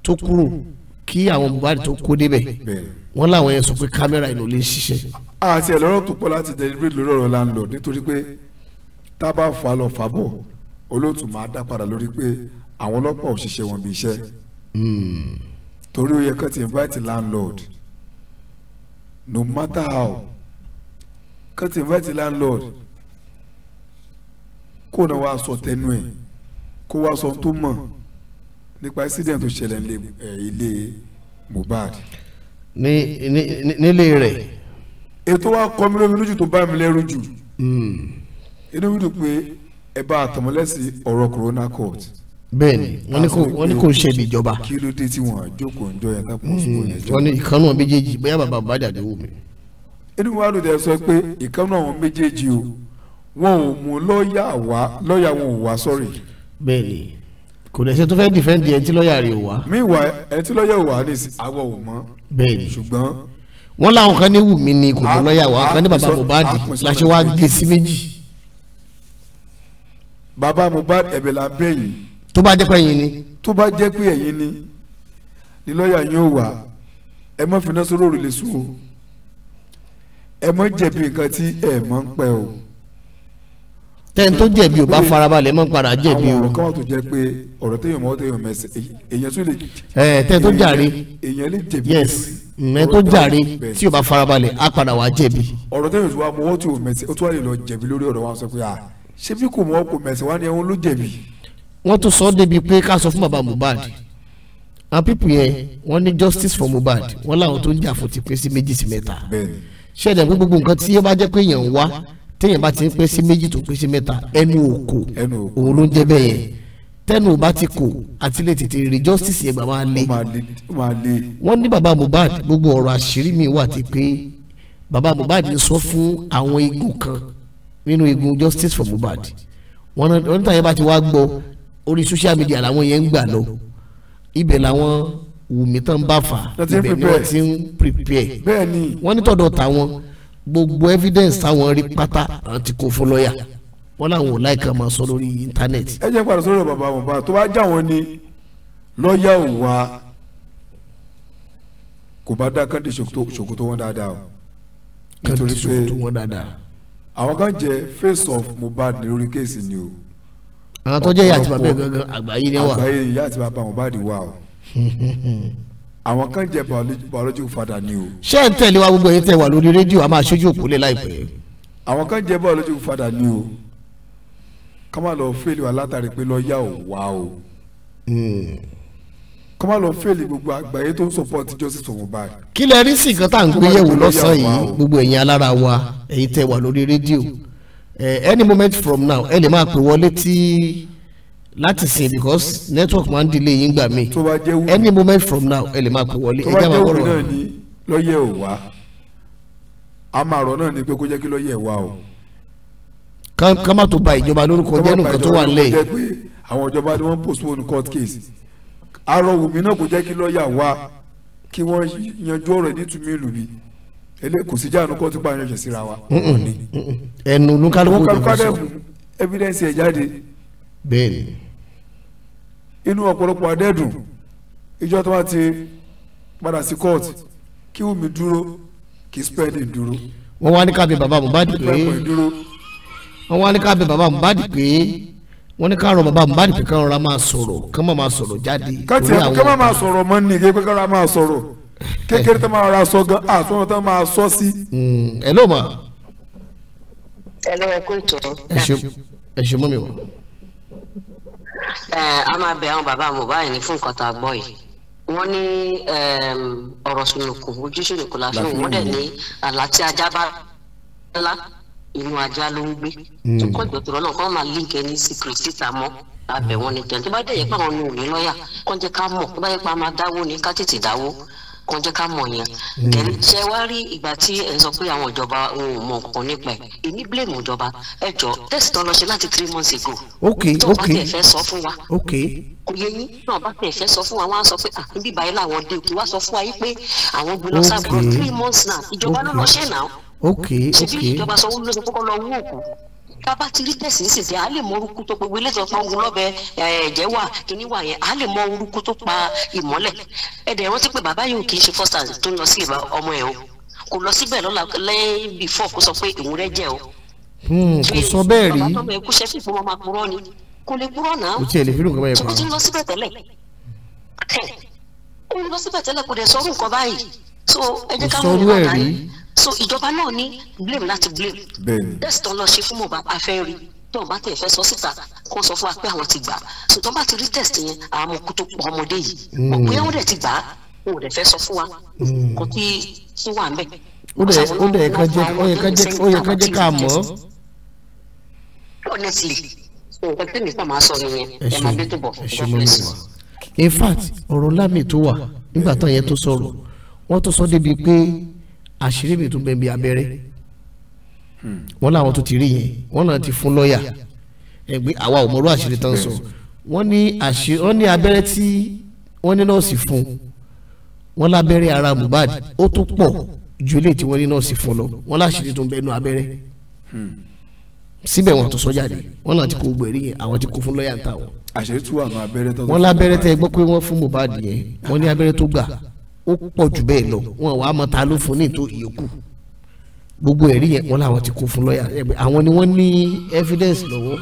Speaker 1: tó kúrò kí àwọn Mohbad tó kó débẹ̀ wọ́n láwọn yẹn sọ pé kámẹ́rà inú lè ṣiṣẹ́.
Speaker 2: àti ẹ̀lọ́rọ̀ tó pọ̀ láti deliberate lórí ọ̀rọ̀ landlord nítorí pé tá a bá fà lọ fà bọ̀ olóòtú máa dá padà lórí pé àwọn ọlọ́pàá ò ṣiṣẹ́ wọn bí iṣẹ́
Speaker 6: hmm.
Speaker 2: torí ó yẹ kó ti invite landlord. Mm no matter how kàn ti invite landlord kó náà wá sọ tẹnu ẹ̀ kó wá sọ tó mọ̀ nípa accident tó ṣẹlẹ̀ eh, ilé Mohbad.
Speaker 1: ní ní nílé rẹ̀.
Speaker 2: ètò wa kọ́ mi lómi lójú tó bá mi lẹ́rù jù hmm. inú mi dùn pé ẹ bá àtọ̀mọ́lẹ́sì ọ̀rọ̀ corona court. Mm
Speaker 1: bẹ́ẹ̀ni hmm. wọn ní kò wọn ní kò ń ṣe ìjọba.
Speaker 2: kí ló dé tí wọn àjókòó ń jọ
Speaker 1: yẹn ká pọ̀ sí ìjọba. Hmm. wọn ní ìkànnì wọn méjèèjì bóyá bàbá bàbá dàdé
Speaker 2: wò mí. inú wa ló dé sọ pé ìkànnì àwọn méjèèjì o wọn ò mú lọ́ọ̀yà wá lọ́ọ̀yà wọn ò wá sọ́rí.
Speaker 1: bẹ́ẹ̀ni kò dẹ̀ ṣe tó fẹ́ẹ́ dìfẹ́ǹdì ẹni tí lọ́ọ̀yà rẹ̀ wá.
Speaker 2: míwàá ẹni tí lọ́ọ̀yà wà ní àwọ̀ ò mọ́.
Speaker 1: bẹ́ẹ̀ni ṣùgbọ́n wọn làwọn kan ní Wùmí ni kò mú lọ́ọ̀yà wá kan ní bàbá Mohbad làṣẹ wá gé sí méjì.
Speaker 2: bàbá Mohbad ẹ̀bẹ̀ là ń yìí tó bá jẹ́ pé ẹ̀yin ni. tó bá jẹ́ pé ẹ̀yin ni ni lọ́ọ̀yà yóò wà ẹ má fi násòrò òrìlè sùn o ẹ má jẹ̀bi nǹkan tí ẹ mọ̀ ń pẹ́ o. tẹ́ni tó jẹ̀bi ò bá farabalẹ̀ mọ́ padà jẹ̀bi o. àwọn kan wà tó jẹ́ pé ọ̀rọ̀ téèyàn mọ́ téèyàn mẹ́sẹ̀ èèyàn tún lè. ẹ tẹ́ni tó jàre èèyàn lè jẹ̀bi yes mẹ́ tó jàre tí
Speaker 1: ò bá farabalẹ̀ á padà wá jẹ̀bi.
Speaker 2: ọ̀rọ̀ téèyàn tún wá mọ́ wọ́n tún mẹ́sẹ̀ ó tún wà lè lọ jẹ̀bi lórí ọ̀rọ̀ wa sọ pé à ṣé bí kò mọ́ kò mẹ́sẹ̀ wá ni ẹ̀hún ló jẹ̀bi
Speaker 1: wọ́n tún sọ débi pé ká sọ fún baba Mohbad àwọn pípù yẹn wọ́n ní justice for Mohbad wọ́n láwọn tó ń jà fún ti pín sí méjì sí mẹ́ta ṣẹlẹ̀ pé gbogbo nǹkan tí ó bá jẹ́ pé èèyàn ń wá téèyàn bá ti ń pín sí méjì tó pín sí mẹ́ta ẹnu òkò òun ló ń jẹ́ bẹ́ẹ̀ yẹn tẹnu bá ti kò àti lè tètè rí justice yẹn gbà máa lé wọ́n ní baba Mohbad gbogbo ọ̀rọ̀ àṣírí mi wà ti pé baba Mohbad ń sọ fún àwọn igun kan nínú igun justice for Mohbad wọ́n ní tàyẹ̀ bá ti wá gbọ́ orí social media làwọn yẹn ń gbà lọ ibẹ̀ làwọn wùmí tán bá fà ibẹ̀ ni wọ́n ti ń prepare wọ́n ní tọ̀dọ̀ tàwọn gbogbo evidence táwọn rí pátá àwọn ti kó fún lọ́ọ̀yà wọ́n làwọn ò láìka máa sọ lórí íńtánẹ́ẹ̀tì.
Speaker 2: ẹ jẹ́ padà sọ́dọ̀ bàbá wọn bá tó bá já wọn ni lọ́ọ̀yà ò wá kò bá dá kán ṣòkòtò wọn dáadáa o nítorí pé àwọn kan jẹ face of Mohbad lórí kéèsì ni o
Speaker 1: àwọn tó jẹ́ ìyá àti bàbá gangan àgbáyé ni wà. àgbáyé
Speaker 2: ìyá àti bàbá wọn bá di wa o. àwọn kan jẹ biological father ni o.
Speaker 1: ṣé ń tẹ̀lé wa gbogbo yìí tẹ̀ wà lórí rédíò a máa ṣojú òpólẹ̀ láìpẹ́.
Speaker 2: àwọn kan jẹ biological father ni o. ká má lọ fẹ́lẹ̀ wa látàrí pé lọ́ọ́yà ò wá o. ká má lọ fẹ́lẹ̀ gbogbo àgbáyé tó ń support justice for Mohbad.
Speaker 1: kí lẹ rí sí nǹkan tá à ń gbé yẹ̀wò lọ́sàn-án yìí gbogbo ẹ̀yin alára wa ẹ̀yin tẹ̀ Eh, any moment from now ẹ lè máa pè wọlé tí láti sìn because network máa ń delay yín gbà mí any moment from now ẹ lè máa pè wọlé ẹ jẹ́ àwọn ọ̀rọ̀ náà ni lọ́yẹ̀ ò wá a máa rọ̀ náà ni pé kó
Speaker 2: jẹ́ kí lọ́yẹ̀ wá o. ká má tó ba
Speaker 1: ìjọba lórúkọ jẹ́ nǹkan tó wà nílẹ̀ yìí.
Speaker 2: àwọn ìjọba ni wọ́n postpone court case arọ wùmí náà kó jẹ́ kí lọ́yà wá kí wọ́n yanjú ọ̀rọ̀ ní tùmí ìlú bíi eléyìí kò sí jáàánú kó tún pààyàn ṣẹ̀ síra wa.
Speaker 1: ẹnu olúkálùkù kò tó sọ.
Speaker 2: evidence ẹ̀ jáde. bẹ́ẹ̀ni. inú ọ̀pọ̀lọpọ̀ adẹ́dùn ìjọ tó bá ti
Speaker 1: padà sí court kí wùmí dúró kì í spẹ́ẹ̀dì dúró. wọ́n wá ní ká bẹ̀ bàbá Mohbad pé wọ́n wá ní ká bẹ̀ bàbá Mohbad pé wọ́n ní ká rọ bàbá Mohbad pé ká rọra máa sọ̀rọ̀ ká má máa sọ̀rọ̀ jáde. ká tiẹ̀ ká máa
Speaker 2: sọ̀rọ̀ mọ́ ní ike máa sọ̀rọ̀ kékeré tó máa ra sọ gan àtúntò tó máa sọ sí. Hmm, ẹ ló mọ.
Speaker 1: ẹ ló ẹ kó ètò. ẹ ṣe mú mi wọ.
Speaker 7: a máa bẹ àwọn bàbá Mohbad yìí fún nǹkan tá a gbọ́ yìí wọ́n ní ọ̀rọ̀ sùnùkùn ojú sùnùkùn la fi wọ́n dẹ̀ ní àlá tí ajá bá ńlá inú ajá ló ń gbé hmm. tó kọ́ ìgbọ̀tọ̀ lọ́nà kọ́ máa link ẹni secret síta mọ́ abẹ wọn ni tẹ̀lé tó bá dẹ̀ yẹ pé àwọn ní òní lọ́yà kọ́ ká mọ̀ tó bá yẹ pé a máa dáwó ni ká tètè dáwó kan jẹ́ ká mọ̀ yẹn hmm. ṣe wá rí ìgbà tí ẹ sọ pé àwọn ìjọba wọn ò mọ nǹkan nípa ẹ̀ èmi blame ìjọba ẹ jọ test tó lọ ṣe láti three months ago okay okay tó bá tẹ̀ fẹ́ sọ fún wa okay kò yẹ yín náà bá tẹ̀ fẹ́ sọ fún wa wọ́n á sọ pé àbí ah, báyìí làwọn dé kí wọ́n sọ fún wa yìí pé àwọn gbóná sáà gbọ́ three months now ìjọba ló lọ ṣe náà okay okay ṣe ìjọba sọ wọ́n ló ṣe kọ́kọ́ lọ wú òkú bàbá ti rí tẹ̀sí sísè à lè mọ orúkú tó gbogbo ilé ìtọ́jú ọ̀hún lọ́bẹ ẹ̀jẹ̀ wà kíní wà yẹn à lè mọ orúkú tó pa ìmọ́lẹ̀ ẹ̀dẹ̀ rántí pé bàbá yóò kì í ṣe first time tó lọ sí ọmọ ẹ̀ o kò lọ síbẹ̀ lọ́la lẹ́yìn before kó sọ pé ìwú rẹ jẹ́ o.
Speaker 1: Hmm, kò sọ bẹ́ẹ̀ rí bàbá tó
Speaker 7: bẹ̀ kú ṣẹ́fì fún ọmọ àkúrọ́ ni kò lè kúrọ́ náà kò tiẹ̀ lè fi lóògùn báyìí pa ó ń lọ síbẹ̀ tẹ́lẹ̀ kò so ìjọba náà ní blame láti blame bẹ́ẹ̀ tó lọ ṣe fún Mohbad afẹ́ rí tó bá tẹ̀ fẹ́ sọ síta kó sọ fún wa pé àwọn ti gbà so tó bá ti rí test yẹn àwọn ọmọkú tó pọ̀ ọmọdé yìí mọ̀ pé hmm. wọ́n dẹ̀ ti gbà wọn ò dẹ̀ fẹ́ sọ fún wa hmm. kò tí tí wà mẹ́. ó dẹ̀ ó dẹ̀ kan jẹ́ ó yẹ kan jẹ́ ó yẹ kan jẹ́ ká mọ̀. honestly nǹkan tí mi kàn máa sọ nìyẹn ẹ máa gbé tó bọ̀
Speaker 1: in fact ọ̀rọ̀ lámì tó wà nígbà tán yẹn tó sọ̀rọ̀ wọ́n tó sọ débi pé àṣírí mi tún bẹ́ẹ̀ bí abẹ́rẹ́ hmm. wọ́n làwọn tó ti rí yẹn wọ́n náà ti fún lọ́ọ̀yà ẹgbẹ́ àwa ò mọ̀rọ̀ àṣírí tán sọ wọ́n ní àṣírí wọ́n ní abẹ́rẹ́ tí wọ́n ní nọ́ọ̀sì fún wọ́n lábẹ́rẹ́ ara Mohbad ó tún pọ̀ ju ilé tí wọ́n ní nọ́ọ̀sì fún lọ wọ́n láṣírí tó ń bẹ́ẹ̀ nú abẹ́rẹ́ hmm. síbẹ̀ wọn tó sọ jáde wọn náà ti kó gbẹ̀rí yẹn àwọn ti kó fún lọ́ọ̀yà ń ta wọn. àṣírí tú àwọn abẹ́rẹ́ tó. wọ́n lábẹ́rẹ́ tẹ́ gbọ́ pé wọ́n fún Mohbad yẹn wọ́n ní abẹ́rẹ́ tó gbà ó pọ̀ jù bẹ́ẹ̀ lọ wọn wàá mọ ta ló fún ní tó ìyókù gbogbo ẹ̀rí yẹn wọn làwọn ti kó fún lọ́ọ̀yà àwọn ni wọ́n ní evidence lọ́wọ́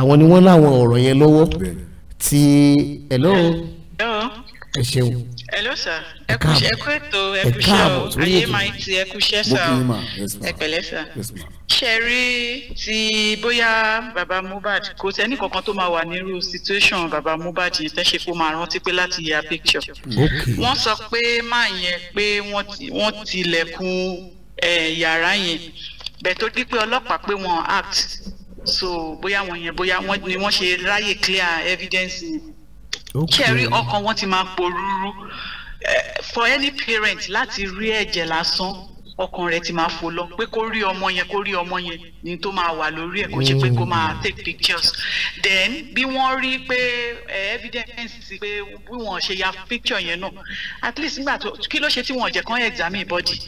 Speaker 1: àwọn ni wọ́n láwọn ọ̀rọ̀ yẹn lọ́wọ́ ti hello. hello ẹ ṣeun. ẹ ló sà ẹ kú ẹ kú
Speaker 8: ètò ẹ kú ṣe ọ ayé máa ti ẹ kú ṣe sà ọ ẹ pẹ̀lẹ́ sà ṣe rí ti bóyá baba Mohbad kò sẹ́ni kankan tó máa wà nírú situation baba Mohbad yẹn tẹ́ kó máa rántí pé láti ya picture wọ́n sọ pé máa yẹn pé wọ́n tilẹ̀kùn yàrá yẹn bẹ́ẹ̀ tó dí pé ọlọ́pàá pé wọ́n act so bóyá wọ́n yẹn bóyá wọ́n ni wọ́n ṣe ráyè clear evidence yẹn
Speaker 3: kẹrí ọkàn
Speaker 8: wọn ti máa porúurú for any parent láti rí ẹ̀jẹ̀ lásán ọkàn rẹ̀ ti máa fò lọ pé kó rí ọmọ yẹn kó rí ọmọ yẹn ni tó máa wà lórí ẹ̀ kó ṣe pé kó mm. máa take pictures then bí wọ́n rí pé evidence pé bí wọ́n ṣe ya picture yẹn náà at least nígbà tó kí ló ṣe tí wọ́n jẹ́ kán examine body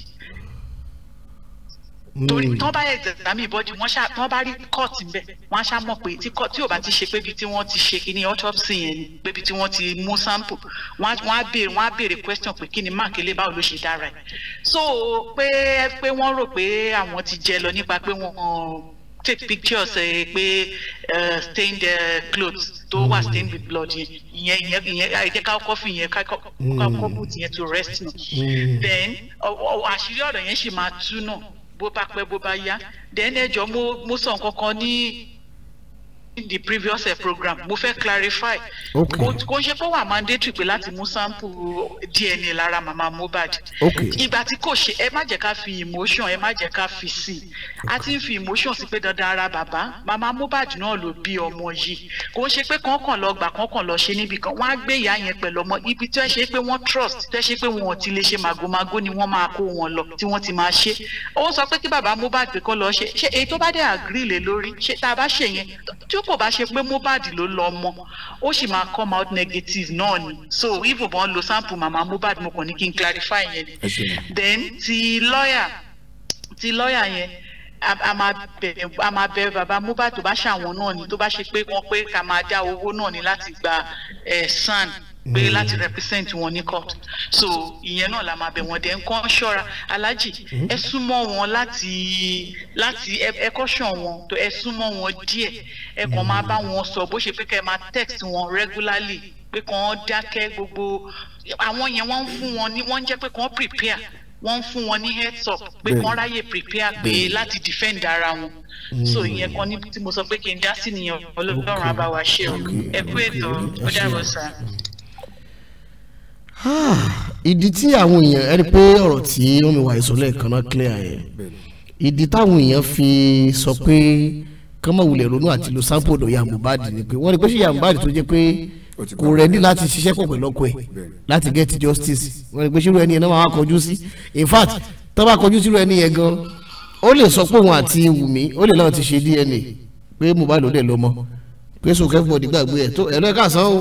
Speaker 8: torí hmm. tán bá ẹ̀dàmì ìbọ́jú wọ́n ṣá tán bá rí kọ́ọ̀tì ń bẹ̀ ṣá mọ̀ pé tí kọ́ọ̀tì ò bá ti ṣe pé ibi tí wọ́n ti ṣe kí ni autopsy yẹn ni pé ibi tí wọ́n ti mú sample wọ́n á béèrè wọ́n á béèrè question pé kí ni mark ilé báwo ló ṣe dára ẹ̀ so pé pé wọ́n rò pé àwọn ti jẹ lọ nípa pé wọ́n take pictures ẹ pé stained clothes tó wà hmm. stained with blood yẹn ìyẹn ìyẹn àìjẹ́ ká kọ́fì yẹn ká kọ́fì hmm. yẹn to rest nù then àṣírí ọ̀rọ̀ yẹn ṣì máa tú náà bó bá pẹ́ bó bá yá dẹ́n ẹjọ́ mo sọ nǹkan kan ní in the previous uh, program mo fẹ́ clarify kò ṣe pé wà mandatory pé láti mú sample DNA lára màmá Mohbad ìgbà tí kò ṣe ẹ má jẹ́ ká fi emotion ẹ má jẹ́ ká fi sí i a ti ń fi emotion sí pé dandan ara bàbá màmá Mohbad náà ló bí ọmọ yìí kò ṣe pé kọ̀ọ̀kan lọ gbà kọ̀ọ̀kan lọ ṣe níbi kan wọ́n á gbé ìyá yẹn pẹ̀lú ọmọ ibi tí wọ́n ṣe pé wọ́n trust tí wọ́n ṣe pé wọn ò ti lè ṣe màgòmágó ni wọ́n máa kó wọn lọ tí wọ́n ti máa ṣe ó sọ pé kí bàbá Mohbad pé kó lọ ṣe ṣe èyí tó bá dé agree lé lórí ṣe tá a bá ṣe yẹn tí ó kò bá ṣe pé Mohbad ló lọ ọmọ ó sì máa come out negative náà ni so even bọ́n lo sample Mama Mohbad mo kàn ní kí n clarify yẹn ni then ti lọ́ọ̀yà ti lọ́ọ̀yà yẹn a máa bẹ bàbá Mohbad tó bá ṣàwọn náà ni tó bá ṣe pé wọ́n pé ká máa dá owó náà ni láti gba ẹ̀san. Eh, pé hmm. láti represent wọn ní court so ìyẹn náà la máa bẹ̀ wọ́n dẹ̀ ń kàn ṣọ́ra alájì hmm. ẹ súnmọ́ wọn láti láti ẹ caution wọn tó ẹ súnmọ́ wọn díẹ̀ ẹ kàn máa bá wọn sọ bó ṣe pé kẹ́ máa text wọn regularly pé kàn dákẹ́ gbogbo àwọn yẹn wọ́n ń fún wọn ní wọ́n ń jẹ́ pé kàn prepare wọ́n ń fún wọn ní heads up pé kàn ráyè prepare pé láti defend ara wọn hmm. so ìyẹn kan ní tí mo sọ pé kí n dá sí nìyẹn ọlọ́run á wa ṣe o ẹ kú ètò ó dàbọ̀ sá
Speaker 1: ìdí tí àwọn èèyàn ẹni pé ọ̀rọ̀ tí wọ́n mi wà ìsọ̀lẹ̀ kan náà clear yẹn ìdí táwọn èèyàn fi sọ pé kọ́mọ̀wulẹ̀ ronú àti lo sample ọ̀dọ̀ Mohbad ni pé wọ́n rí pé ṣé Mohbad tó jẹ́ pé kò rẹ́ni láti ṣiṣẹ́ pọ̀ pẹ̀lú ọkọ ẹ̀ láti get justice wọ́n rí pé ṣírò ẹni yẹn náà máa kọjú sí in fact tó bá kọjú sírò ẹni yẹn gan ó lè sọ pé òun àti Wùmí ó lè láwọn ti ṣe DNA pé Mohbad ló dẹ̀ lọ́mọ pé so kẹ́fù bọ̀dì gbàgbé ẹ̀ tó ẹ̀ lọ́ọ́ ká sàn ó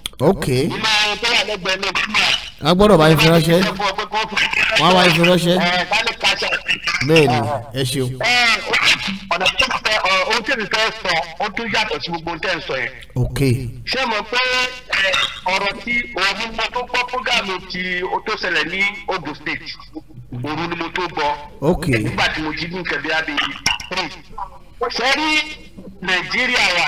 Speaker 1: ok. a gbọ́dọ̀ bá ife ránṣẹ́ wọ́n á ife ránṣẹ́ bẹ́ẹ̀ ẹ ṣeun.
Speaker 6: ọ̀nà tó ń fẹ́ ohun tí mi fẹ́ sọ ó tún yàtọ̀ sí gbogbo tẹ́ ẹ sọ yẹn. ok. ṣé mo pé ọ̀rọ̀ tí òun mo tó gbọ́ fúgàmù ti o tó ṣẹlẹ̀ ní Ogun State òru ni mo tó gbọ́. ok. nígbà tí mo jí ní kẹ̀lé abẹ́ yìí. ṣé rí Nàìjíríà wà.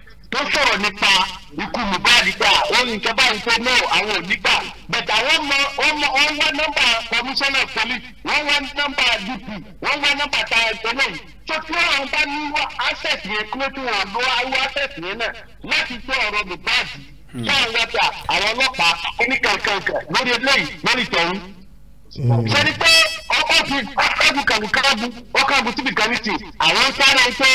Speaker 6: tó sọ̀rọ̀ nípa ikú Mohbad gbà ó ní ìjọba ń pé no àwọn ò ní gbà bẹ̀tà wọ́n mọ wọ́n mọ wọ́n wá nọ́mbà commissioner police wọ́n wá nọ́mbà dp wọ́n wá nọ́mbà ta ẹ̀jẹ̀ náà tó tí wọ́n bá ní access yẹn kúrò tí wọ́n lo àwọn access yẹn náà láti tó ọ̀rọ̀ Mohbad
Speaker 5: yìí. yóò
Speaker 6: wọ́n ta àwọn ọlọ́pàá oníkankankan lórí eléyìí lórí tọ̀hún
Speaker 5: sẹ́ni mm.
Speaker 6: pé ọkọ̀ ti kábù kàbù kábù ó kábù síbi kan ní ti àwọn sáré pé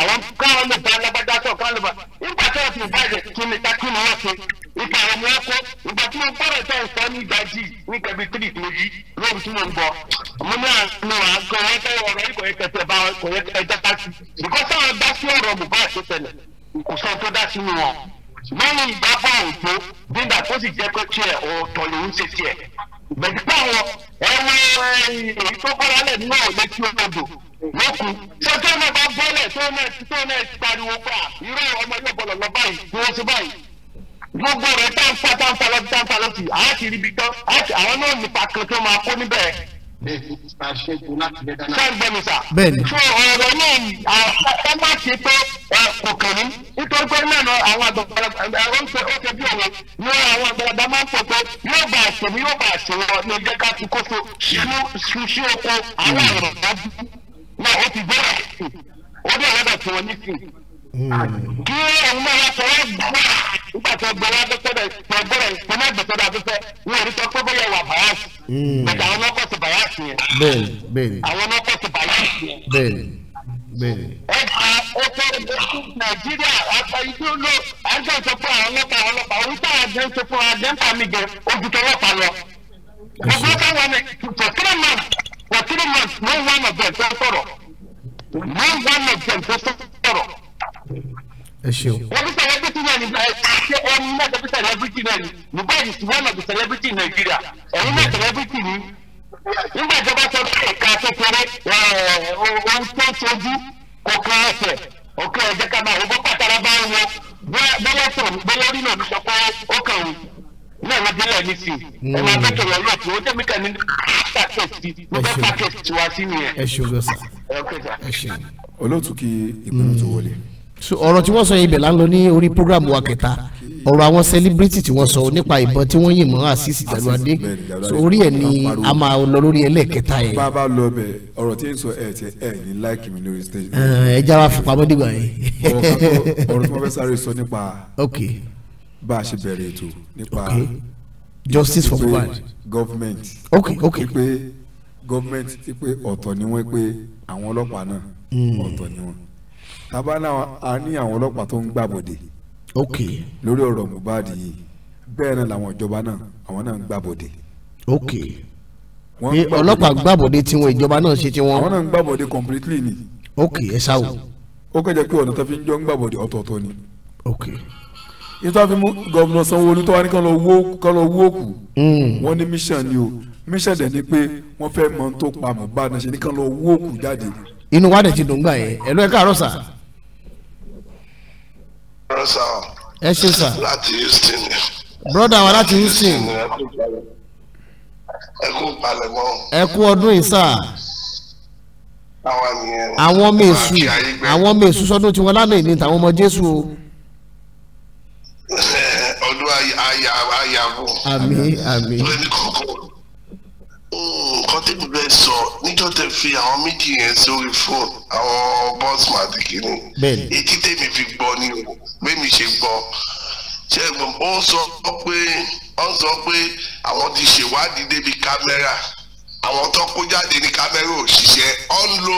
Speaker 6: àwọn káwọn lè bá alágbádá tó káwọn lè bá nígbà tí wọ́n ti bàjẹ́ kí ni takí ni wọ́n ṣe ìgbà àwọn ọmọ ọkọ ìgbà tí mo gbọ́dọ̀ tẹ̀ ń ní ìdajì ní kẹbi tírì tó yí tí mo ń bọ̀ mo ní àánú àgọ́ wọn tẹ́ ọ̀rọ̀ yìí kò yẹ kẹtẹ bá kò yẹ ẹja bá sí sáwọn dá sí ọ̀rọ̀ Mohbad tó tẹ̀lẹ̀ kò sọ tó dá sínú wọn ìgbà tó sì jẹ́ pé tiẹ̀ ọ̀tọ̀ lòún ṣe tiẹ̀ bẹ̀tí táwọn ẹ̀wọ̀n èyí tó kọ́ra lẹ̀ nínú ọ̀lẹ́ tí ó lòdò lókun ṣé tó náà bá bọ́lẹ̀ tó náà ti tó náà ti pariwo pa irú ọmọ ilé ọ̀gbọ̀lọ̀ lọ báyìí ni wọ́n ṣe báyìí gbogbo rẹ̀ táǹfà táǹfà lọ́sí táǹfà lọ́sí àá ti ríbi tán àwọn náà nípa kan tó máa kó níbẹ̀ sẹ́ńgbẹ́ni sà. bẹ́ẹ̀ni. fún ọ̀rọ̀ yìí ẹ má ṣe pé kò kàn ní nítorí pé náà àwọn àgbàlagbà máa ń pọ̀ pé yóò bá àṣẹ mi yóò bá àṣẹ wọn ní ọjọ́ ká ti kóso ṣíṣú oko àwọn ọ̀rọ̀ dájú náà ó ti bẹ̀rẹ̀ ó dẹ̀ lọ́dọ̀ tí wọ́n ní sí. Hmm. kí ọ̀hún náà wá sọ wá gbà nígbà tí ọgbẹ́ wa gbé sọ́dọ̀ ìpè gbọ́dọ̀ ìpè náà gbé sọ́dọ̀ afẹ́fẹ́ wọn ò ní sọ pé bóyá wà bàyàsì. bẹ̀rẹ̀ àwọn ọkọ̀ ti bàyàsì yẹn.
Speaker 1: bẹ́ẹ̀ni bẹ́ẹ̀ni.
Speaker 6: àwọn ọkọ̀ ti bàyàsì yẹn.
Speaker 1: bẹ́ẹ̀ni
Speaker 5: bẹ́ẹ̀ni.
Speaker 6: ẹ ká ó tó nàìjíríà àpá ìdí olú àjọ sọ fún àwọn ọlọ́pàá ọlọ́pàá orúkọ àjọ sọ àjọ ń pàmì gan ojú tó ọlọ́pàá lọ. ọgbọ́n ẹ ṣeun. wọ́n fi celebrity náà ní ṣe ẹni náà tó celebrity náà ní Mohbad is one of the celebrity in Nigeria náà celebrity ní. nígbà ìjọba sọ pé ẹ̀ka kékeré ohun tó ṣojú kò kan ẹsẹ̀ òkè ẹ̀jẹ̀ ká máa wọ́pọ̀ pàtàkì bá ń wọ bọ́lá tó bọ́lá rí náà sọ pé ó kàn wù náà wọ́n délẹ̀ ní sí ẹ̀ máa bẹ́ẹ̀ tọ̀rọ̀ lọ́ọ̀tì ó jẹ́ mi kàn ní
Speaker 1: pàkẹ́tì mo sí nìyẹn. ẹ ṣeun olóòtú kí ìpinnu tó wọlé so ọ̀rọ̀ tí wọ́n sọ yẹn ibẹ̀ là ń lọ ní orí program wa kẹta ọ̀rọ̀ àwọn celebrity tí wọ́n sọ nípa ìbọn tí wọ́n yìn mọ́ Azeez Jalwade so orí ẹ̀ ni a máa lọ lórí ẹlẹ́ẹ̀kẹta yẹn. bá a bá lọ bẹ
Speaker 2: ọ̀rọ̀ tí ń sọ ẹ ti ẹ ní láìkì mi lórí stage.
Speaker 1: ẹ já wa fipamọ́ dìgbà yẹn. ọ̀rọ̀ tí wọ́n
Speaker 2: fẹ́ sáré sọ nípa bá a ṣe bẹ̀rẹ̀ ètò nípa justice for Mohbad government. ok ok pé government ti pé ọ̀tọ̀ ni wọ́n pé àwọn ọlọ́pàá náà hmm. ọ̀tọ̀ ni wọ́n tábà náà a ní àwọn ọlọ́pàá tó ń gbàbọ̀dé. ok lórí ọ̀rọ̀ Mohbad yìí bẹ́ẹ̀ náà làwọn ìjọba náà àwọn náà ń gbàbọ̀dé.
Speaker 5: ok pé ọlọ́pàá gbàbọ̀dé tiwọn ìjọba náà ṣe tiwọn. àwọn náà ń
Speaker 2: gbàbọ̀dé completely ni. ok ẹ sá o. ó kẹ́jẹ́ pé ọ̀nà tó fi ń jọ ń gbàbọ̀dé ọ̀tọ̀ọ̀tọ̀ ni. ok ìtọ́ fi mú gọ́vùnà Sanwó-Olú tó wá ní kán lọ wó òkú hmm. wọ́n ní mission ni o mission dẹ̀ ni pé wọ́n fẹ́ mọ tó pa Mohbad náà ṣe ní kán lọ wó òkú jáde. inú wa dẹ̀ ti dùn gbà yẹn
Speaker 1: ẹ̀ lọ́ ẹ̀ káàárọ̀ sà rọ́ṣà o. ẹ ṣe sà.
Speaker 5: láti Houston.
Speaker 1: broda wa láti Houston.
Speaker 5: ẹ kú palẹ̀mọ́.
Speaker 1: ẹ kú ọdún yìí sà. àwọn ọmọ èṣù àwọn ọmọ èṣù sọdún tí wọn lánàá ìní tàwọn ọmọ Jésù o.
Speaker 5: ọdún ayàwó. àmín àmín. lórí kòkó nǹkan tẹ́mi bẹ́ẹ̀ sọ níjọ́ tẹ fi àwọn méjì yẹn sórí fóònù àwọn bọ́sùn àti kìíní etí tẹ́mi fi gbọ́ ni o bẹ́ẹ̀mi ṣe gbọ́ ṣẹ́gun ó sọ pé ó sọ pé àwọn ti ṣèwádìí débi kámẹ́rà àwọn tó kó jáde ní kámẹ́rà òṣìṣẹ́ ọ ń lo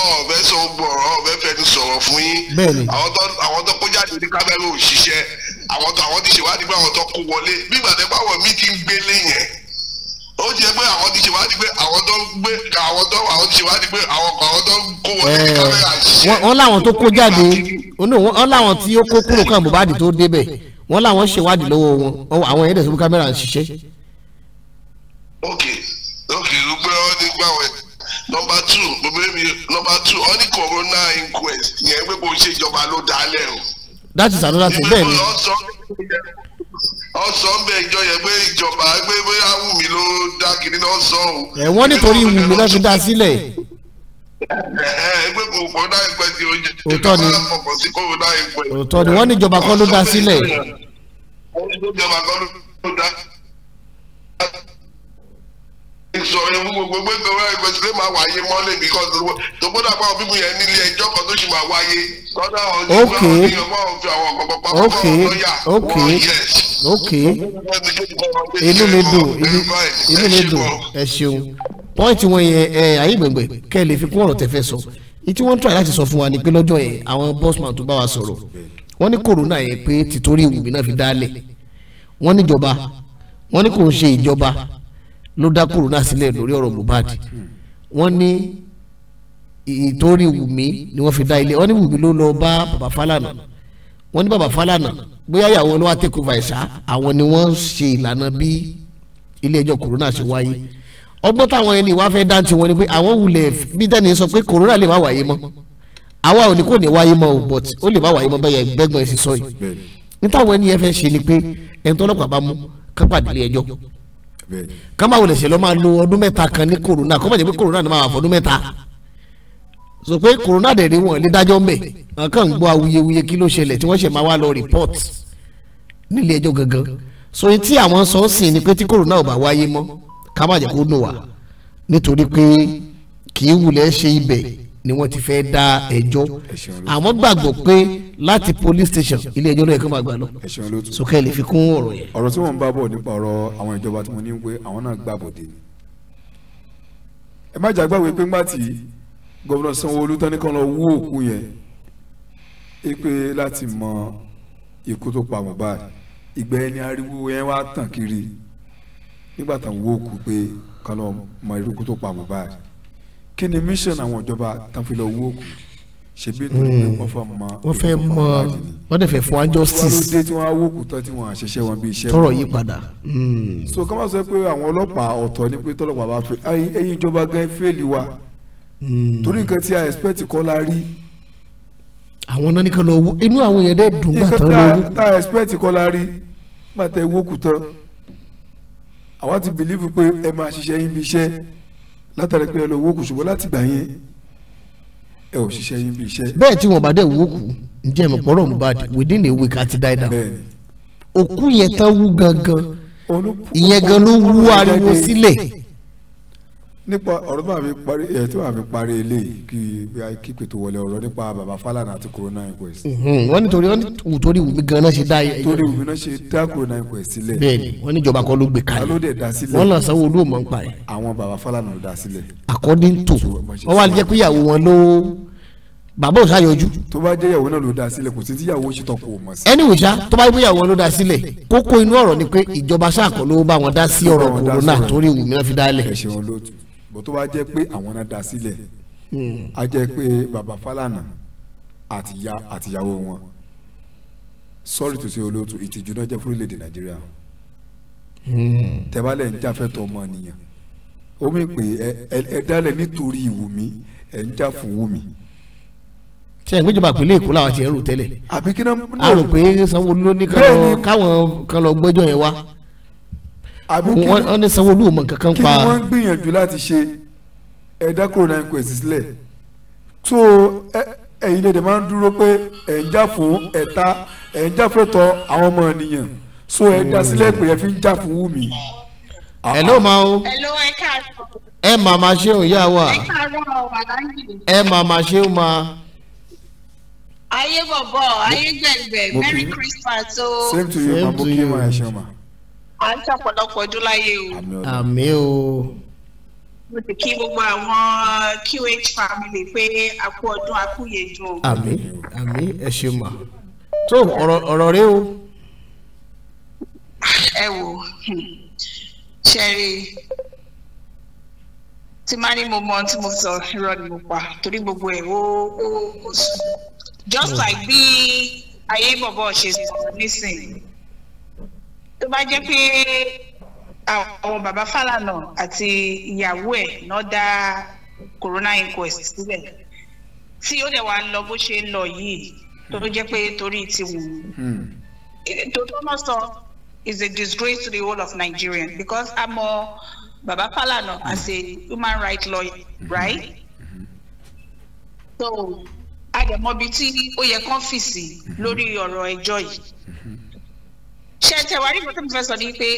Speaker 5: ọ̀ọ́fẹ́ sọ gbọ̀rọ̀ ọ̀ọ́fẹ́ fẹnu sọ̀rọ̀ fún yín àwọn tó kó jáde ní kámẹ́rà òṣìṣẹ́ àwọn tó àwọn ti ṣèwádìí pé àwọn tó kó wọlé bí ìgbà tẹ́ báwọn mi ti ń gbélé yẹn ti ṣèwádìí pé àwọn tó ń gbé àwọn tó àwọn ti ṣèwádìí pé àwọn àwọn tó ń kó
Speaker 1: wọlé ní eh, kámẹ́rà ṣe. wọ́n láwọn tó kó jáde oh, wọ́n láwọn tí ó kó kúrò kan Mohbad tó débẹ̀ wọ́n láwọn ṣèwádìí lọ́wọ́ wọn oh, àwọn yẹn dẹ̀sọ́ kámẹ́rà ń ṣiṣẹ́. ok ok rúgbẹ́ wọn ti gbà
Speaker 5: wẹ̀ nọmba two bẹ́ẹ̀ mi nọmba two ọ ní corona inquest yẹn pé kò ṣe ló dálẹ̀ o.
Speaker 1: that is another thing bẹ́ẹ̀ ni
Speaker 5: ọsọ ń bẹ ìjọ yẹn pé ìjọba pé bóyá Wùmí ló dá kiri náà sọ o.
Speaker 1: ẹ wọ́n nítorí Wùmí lọ fi dá sílẹ̀.
Speaker 5: ẹ ẹ pé kò fọ́ dá ìpẹ́ tí oúnjẹ tí kò fọ́ sí kò
Speaker 1: dá ìpẹ́. òótọ́ ni wọ́n ní ìjọba kọ́ ló dá sílẹ̀.
Speaker 5: ìjọba kọ́ ló dá ìsọ̀rọ̀ fún gbogbo gbẹ́gbẹ́ wẹ́rẹ́ ìgbésílẹ̀ máa wáyé mọ́lẹ̀ because tó gbọ́dọ̀ pa òbí yẹn nílé ẹjọ́ kan tó sì máa wáyé lọ́dọ̀ àwọn ọ̀dọ́ àwọn ọ̀dọ́ àwọn ọ̀gbọ̀gbọ̀ pàápàá àwọn ọ̀lọ́yà wọ́n
Speaker 1: yẹ̀sì ok inú mi dùn inú mi dùn ẹ ṣeun pọ́ìntì wọn yẹn ẹ ayé gbẹ̀ngbẹ̀ kẹ́ ẹ lè fi kún ọ̀rọ̀ tẹ́fẹ́ sọ ìtí wọ́n ń tọ́ láti sọ fún wa ni pé lọ́jọ́ yẹn àwọn bọ́sùmá tó bá wa sọ̀rọ̀ wọ́n ní kòrónà yẹn pé tìtorí ìwùmí náà fi dálẹ̀ wọ́n níjọba wọ́n ní kò ń ṣe ìjọba ló dá kòrónà sílẹ̀ lórí ọ̀rọ̀ Mohbad wọ́n ní ìtorí ìwùmí ni wọ́n fi dá ilé wọ́n ní ìwùmí ló lọ bá bàbá Fálànà wọ́n ní bàbá Fálànà bóyá ìyàwó ló wá tẹ̀kọ̀ fàìsà àwọn ni wọ́n ṣe ìlànà bí ilé ẹjọ́ kòrónà ṣe wáyé ọgbọ́n táwọn ẹni wá fẹ́ dáǹtì wọn ni pé àwọn wulẹ̀ bí dẹ́ni sọ pé kòrónà lè má wáyé mọ́ àwa ò ní kò ní wáyé mọ́ o but ó lè má wáyé mọ́ bẹ́yẹ gbẹ́gbọ́n ẹ̀sìn sọ yìí ní táwọn ẹni yẹn fẹ́ ṣe ni pé ẹni tó ọlọ́pàá bá mú kápàdé ilé ẹjọ́ kámáwò lọ́ máa lo ọdún mẹ́ta kan ní kòrónà kọ́mọ̀jẹ́ pé kòrónà ni máa wà fọdún mẹ́ta sọ pé corona dẹ̀ rí wọn lé dájọ́ ń bẹ̀ wọn kàn ń gbọ́ awuyewuye kí ló ṣẹlẹ̀ tí wọ́n ṣẹ̀ máa wá lọ report nílé ẹjọ́ gangan so etí àwọn sọ ń ni pé tí corona ò bá wáyé mọ́ ká má jẹ́ kó nù wá nítorí pé kì í wulẹ̀ ṣe ibẹ̀ ni wọ́n ti fẹ́ dá ẹjọ́ àwọn gbàgbọ́ pé láti police station ilé ẹjọ́ lóye kó máa gbà lọ sókè lè fi kún ọ̀rọ̀ yẹn.
Speaker 2: ọ̀rọ̀ tí wọ́n ń bá bọ̀ nípa ọ̀rọ̀ àwọn ìjọba tí mo ní pé àwọn náà gbàbọ̀dé ni ẹ má jà gbàgbé pé ńgbà tí gọ́vùnà sanwó-olu tán ní kan lọ wú òkú yẹn é pé láti mọ ikú tó pa Mohbad ìgbẹ́ ẹni ariwo yẹn wá tàn kiri nígbà táwọn wú òkú pé kan lọ mọ irú tó pa Mohbad kí ni mission àwọn ìjọba tán fi lọ wú òkú ṣebí ní ìlú wọn fẹ́ mọ hmm, wọn fẹ́ mọ wọn dẹ̀ fẹ́ fún an justice. wọn ló dé tí wọn á wókù tán tí wọn á wọn bí iṣẹ́. tọrọ yí padà.
Speaker 1: Hmm.
Speaker 2: so kí wọn sọ pé àwọn ọlọ́pàá ọ̀tọ̀ ni pé tọ́lọ́pàá bá fẹ́ ẹ̀yin ìjọba gan fẹ́ẹ̀lì wa Hmm. torí nǹkan tí a expect kọ́ la rí.
Speaker 1: àwọn náà nìkan lọ wo inú àwọn yẹn dẹ́ dùn gbà tán lọ wo. nǹkan
Speaker 2: tá a expect kọ́ la rí gbàtẹ́ wókù tán àwọn ti believe pé ẹ máa ṣiṣẹ́ yín bí iṣẹ́ látàrí pé ẹ lọ wókù ṣùgbọ́n láti gbà yẹn ẹ ò ṣiṣẹ́ yín bí
Speaker 1: iṣẹ́. bẹ́ẹ̀ tí wọ́n bá dẹ̀ wókù ǹjẹ́ ẹ̀mí pọ̀rọ̀ ń bá within a week àti die down
Speaker 5: òkú yẹn tán wú gangan ìyẹn gan ló wú ariwo sílẹ̀
Speaker 2: nípa ọ̀rọ̀ tó máa fi parí ẹ̀ tó máa fi parí eléyìí kí kí pètò wọlé ọ̀rọ̀ nípa bàbá Fálànà àti corona inquest. Hmm, wọ́n ní torí
Speaker 1: wọ́n ní torí Wùmí gan-an ṣe dá yẹ. torí Wùmí
Speaker 2: náà ṣe dá corona inquest sílẹ̀. bẹ́ẹ̀ni wọ́n ní ìjọba kan ló gbé kalẹ̀. alóde da sílẹ̀ wọ́n náà sanwó olú òmò ń pa ẹ̀. àwọn bàbá Fálànà dá sílẹ̀.
Speaker 1: according to wọ́n wá jẹ́ pé ìyàwó wọn ló bàbá òsà yọjú.
Speaker 2: tó bá jẹ́ ìyàwó náà ló da sílẹ̀ kò sí tí ìyàwó ṣe tọkọ ò mọ̀ sí. ẹni wòṣá
Speaker 1: tó bá jẹ́ ìyàwó ló da sílẹ̀ kókó inú ọ̀rọ̀ ni pé ìjọba sáà kan ló bá wọn dá sí ọ̀rọ̀ kòrónà torí Wùmí fi dá lẹ̀. ẹ ṣeun lóòtú
Speaker 2: bó tó wá jẹ́ pé àwọn náà dá sílẹ̀ á
Speaker 1: hmm. jẹ́ pé bàbá
Speaker 2: Fálànà àtìyá àtìyàwó wọn sorry to say olóòtú ìtìjú náà jẹ́ fúrílẹ̀-èdè Nàìjíríà
Speaker 5: hmm.
Speaker 2: tẹ́bálẹ̀ ń jáfẹ́tọ̀ ọmọnìyàn ó mi pè ẹ ẹ dálẹ̀ nítorí Wùmí ẹ ń jà fún Wùmí
Speaker 1: ṣe ẹ̀ gbẹ́jọba àpínlẹ̀ èkó làwọn ti ń rò tẹ́lẹ̀ a rò pé sanwó-olú ló ní káwọn kan lọ gbẹ́jọ́ yẹn wá wọ́n ní sanwó-olú ò mọ nǹkan kan pa. kí wọ́n
Speaker 2: gbìyànjú láti ṣe ẹ̀dá corona inquest sílẹ̀ so ẹ̀yin lè dẹ̀ máa ń dúró pé ẹ̀ ń jà fún ẹ̀ta ẹ̀ ń jà fún ẹ̀tọ́ àwọn ọmọ ènìyàn
Speaker 1: so ẹ̀ dá sílẹ̀ pé ẹ̀ fi ń jà fún Wumi. Ah, ah. ẹ ló máa o ẹ máa máa ṣeun yá wa ẹ máa máa ṣeun máa.
Speaker 9: ayé bọ̀bọ̀ ayé gbẹ̀gbẹ̀ merry christmas o. same to you ma mo
Speaker 1: kí ṣe ma
Speaker 9: à ń ṣàpọ̀lọpọ̀ ọdún láyé o. àmín o. mo ti kí gbogbo àwọn QH family pé a kú ọdún a kú yèjú
Speaker 1: o. àmín àmín ẹ ṣe mà tó ọ̀rọ̀ rẹ o.
Speaker 9: ẹ wo ṣẹ́rí tí máa ní mo mọ tí mo sọ irọ́ ni mo pa torí gbogbo ẹ̀ ó ó just like bí ayé bọ̀bọ̀ ṣe sọ nísìnyí tó bá jẹ́ pé àwọn bàbá Fálànà àti ìyàwó ẹ̀ náà dá corona inquest sílẹ̀ tí ó dẹ̀ wá lọ bó ṣe ń lọ yìí tó jẹ́ pé torí ti wù ú hmm. tó tó náà sọ is a disgrace to the whole of Nigeria because àmọ́ bàbá Fálànà as a human rights lawyer hmm. right hmm. so àdèmọ́bi tí ó yẹ kán fèsì lórí ọ̀rọ̀ ẹjọ́ yìí ṣe wà ní ìbùkún fẹ́ ni pé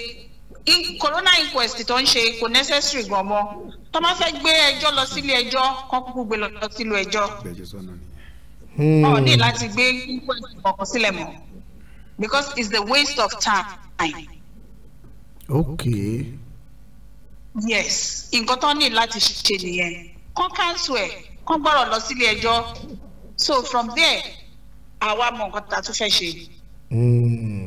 Speaker 9: corona inquest tó ń ṣe kò necessary gan mọ́ tó máa fẹ́ gbé ẹjọ́ lọ sílé ẹjọ́ kan kúkú gbé lọ sílé ẹjọ́
Speaker 1: hmm. ọ̀ ní láti
Speaker 9: gbé inquest kọ̀ọ̀kan sílẹ̀ mọ́ because it's a waste of time. okay. yes nǹkan tó ní láti ṣe nìyẹn kan cancel ẹ̀ kan gbọ́rọ̀ lọ sílé ẹjọ́ so from there àwa mọ̀ nǹkan tá a fẹ́ ṣe.
Speaker 1: Mm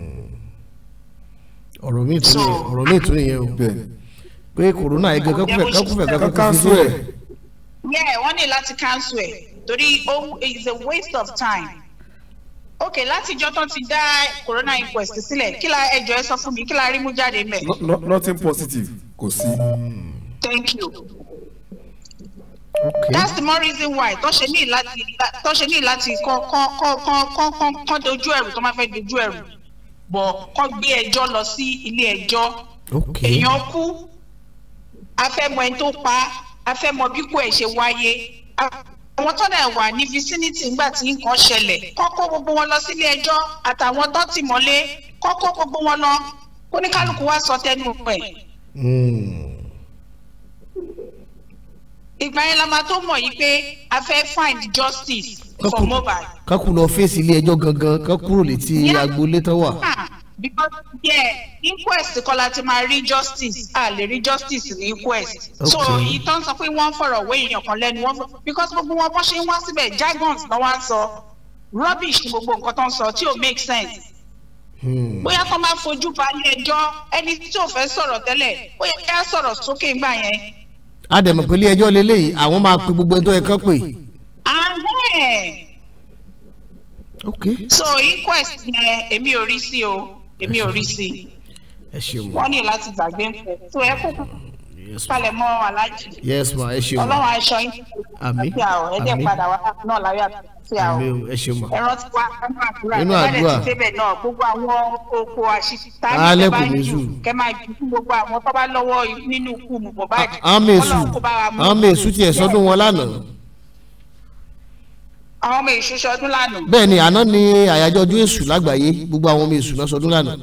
Speaker 1: ọ̀rọ̀ mi tún yẹ ọ̀rọ̀ mi tún yẹ o pé kòrónà yìí gan kákúfẹ̀ kákúfẹ̀ kákúfẹ̀ ẹ̀.
Speaker 9: yeah wọ́n ní láti cancel ẹ̀ torí it is a waste of time. ok látijọ́ tán ti dá corona inquest sílẹ̀ kí la ẹjọ́ ẹ sọ fún mi kí la rí mú jáde mẹ́.
Speaker 2: nothing positive kò sí.
Speaker 9: thank you. Okay. that's the more reason why tó ṣe ní láti tó ṣe ní láti kọ́ kọ́ kọ́ kọ́ kọ́ dojú ẹ̀rù tó máa fẹ́ dojú ẹ̀rù bọ̀ kọ́ gbé ẹjọ́ lọ sí ilé ẹjọ́ èèyàn kú afẹ́mọ ẹni tó pa afẹ́mọ bí kò ẹ̀ ṣe wáyé àwọn tó dẹ̀ wà ní vicinity ńgbà tí nǹkan ṣẹlẹ̀ kọ́kọ́ gbogbo wọn lọ sílé ẹjọ́ àtàwọn tó tì mọ́lé kọ́kọ́ gbogbo wọn lọ kóníkálukú wá sọ tẹnu ẹ̀.
Speaker 1: Hmm
Speaker 9: ìgbà yẹn la máa tó mọ̀ yìí pé a fẹ́ find justice
Speaker 1: for Mohbad. ká kú lọ fèsì ilé ẹjọ́ gangan ká kúrò létí agboolé tán wà.
Speaker 9: Ah, because yeah inquest kọ́ la ti máa rí justice a lè rí justice ní inquest. so èyí tán sọ pé wọ́n fọ̀rọ̀ wé èèyàn kan lẹ́nu wọ́n fọ because gbogbo wọn bọ́ ṣe ń wá síbẹ̀ jargons náà wá ń sọ rubbish ni gbogbo nǹkan tó ń sọ tí ò make sense Hmm. bóyá kó máa fojú balẹ̀ ẹjọ́ ẹni tí ò fẹ́ sọ̀rọ̀ tẹ́lẹ̀ bóyá ká sọ̀rọ̀ sókè ńgbà yẹn
Speaker 1: àdèmọ̀ pẹ̀lú ẹjọ́ lélẹ́yìí àwọn máa pe gbogbo ẹjọ́ ẹ̀kọ́ pè.
Speaker 9: ok. so inquest yẹn èmi ò rí sí o èmi ò rí
Speaker 1: sí i wọ́n ní
Speaker 9: láti gbàgbé ń fẹ́ so ẹ kúkú palẹ̀mọ́ aláàjì.
Speaker 1: yes ma ẹ ṣe ma ọlọ́run aṣọ yín àmì àmì ẹ̀jẹ̀ padà wá
Speaker 9: náà láyé àti àwọn ẹ ṣe ma ẹ̀rọ ti wá nínú àdúrà ìbẹ̀rẹ̀ náà gbogbo àwọn oko àṣìṣe alẹ́ kò ní sùn kẹ́ máa ju fún gbogbo àwọn tó bá lọ́wọ́ nínú ikú Mohbad ọlọ́run kó bá wa mú. àwọn mèsù tiẹ̀ sọdún wọn lánàá. àwọn mèsù sọdún lánàá.
Speaker 1: bẹ́ẹ̀ ni àná ni àyájọ́ ọdún èṣù lágbàáyé gbogbo àwọn mèsù náà sọdún lánàá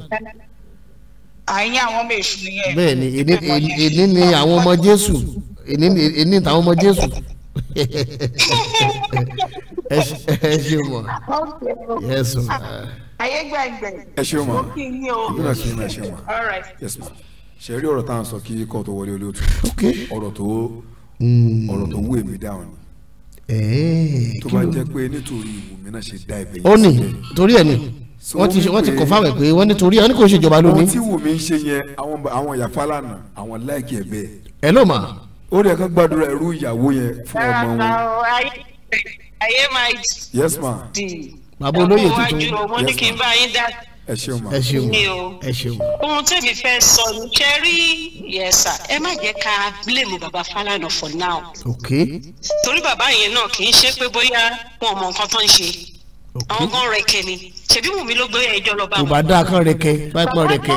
Speaker 9: àyìn àwọn ọmọ èṣù
Speaker 1: nìyẹn. bẹ́ẹ̀ni èní ni àwọn ọmọ Jésù èní ni àwọn ọmọ Jésù ẹ ṣe mọ
Speaker 9: yes ma. ayé gbàgbẹ ẹ ṣe mọ ìdúrà
Speaker 2: sí ẹ ṣe mọ yes ma ṣe rí ọ̀rọ̀ tá à ń sọ kí kọ́ tó wọlé olóòtú ọ̀rọ̀ tó
Speaker 1: hmm. ọ̀rọ̀
Speaker 2: tó wú èmi dáhùn
Speaker 1: ni tó bá jẹ́
Speaker 2: pé nítorí ìwù mi náà ṣe dá ìbẹ̀yẹ sílẹ̀ ó ní torí ẹ̀ ni wọ́n ti wọ́n ti confam ẹ̀ pé
Speaker 1: wọ́n nítorí ẹ̀ ní kò ṣèjọba lónìí. ohun tí
Speaker 2: wùmí ń ṣe yẹn àwọn àwọn ìyàfa lànà àwọn láìkì ẹ̀ bẹ́ẹ̀. ẹ ló mà. ó rẹ̀ kán gbàdúrà irú ìyàwó yẹn fún ọmọ
Speaker 9: wọn. ayé máa di. yes ma. bàbá olóyè tuntun. owó wájú òun ní kí n bá yín dá.
Speaker 2: ẹ ṣeun ma ẹ ṣeun ma
Speaker 1: ẹ ṣeun ma.
Speaker 9: ohun tí mi fẹ́ sọ ni ṣe rí yẹ̀sà ẹ má jẹ́ ká blame
Speaker 7: baba Falana for now. ok. torí bàbá yẹn náà kì í ṣe pé bóyá wọn mọ nǹkan tó ń ṣe àwọn kan rẹkẹ ni ṣebí wùmí ló gbé ẹjọ́ lọ bá wọn. kò bá dáa kan rẹkẹ pápá rẹkẹ.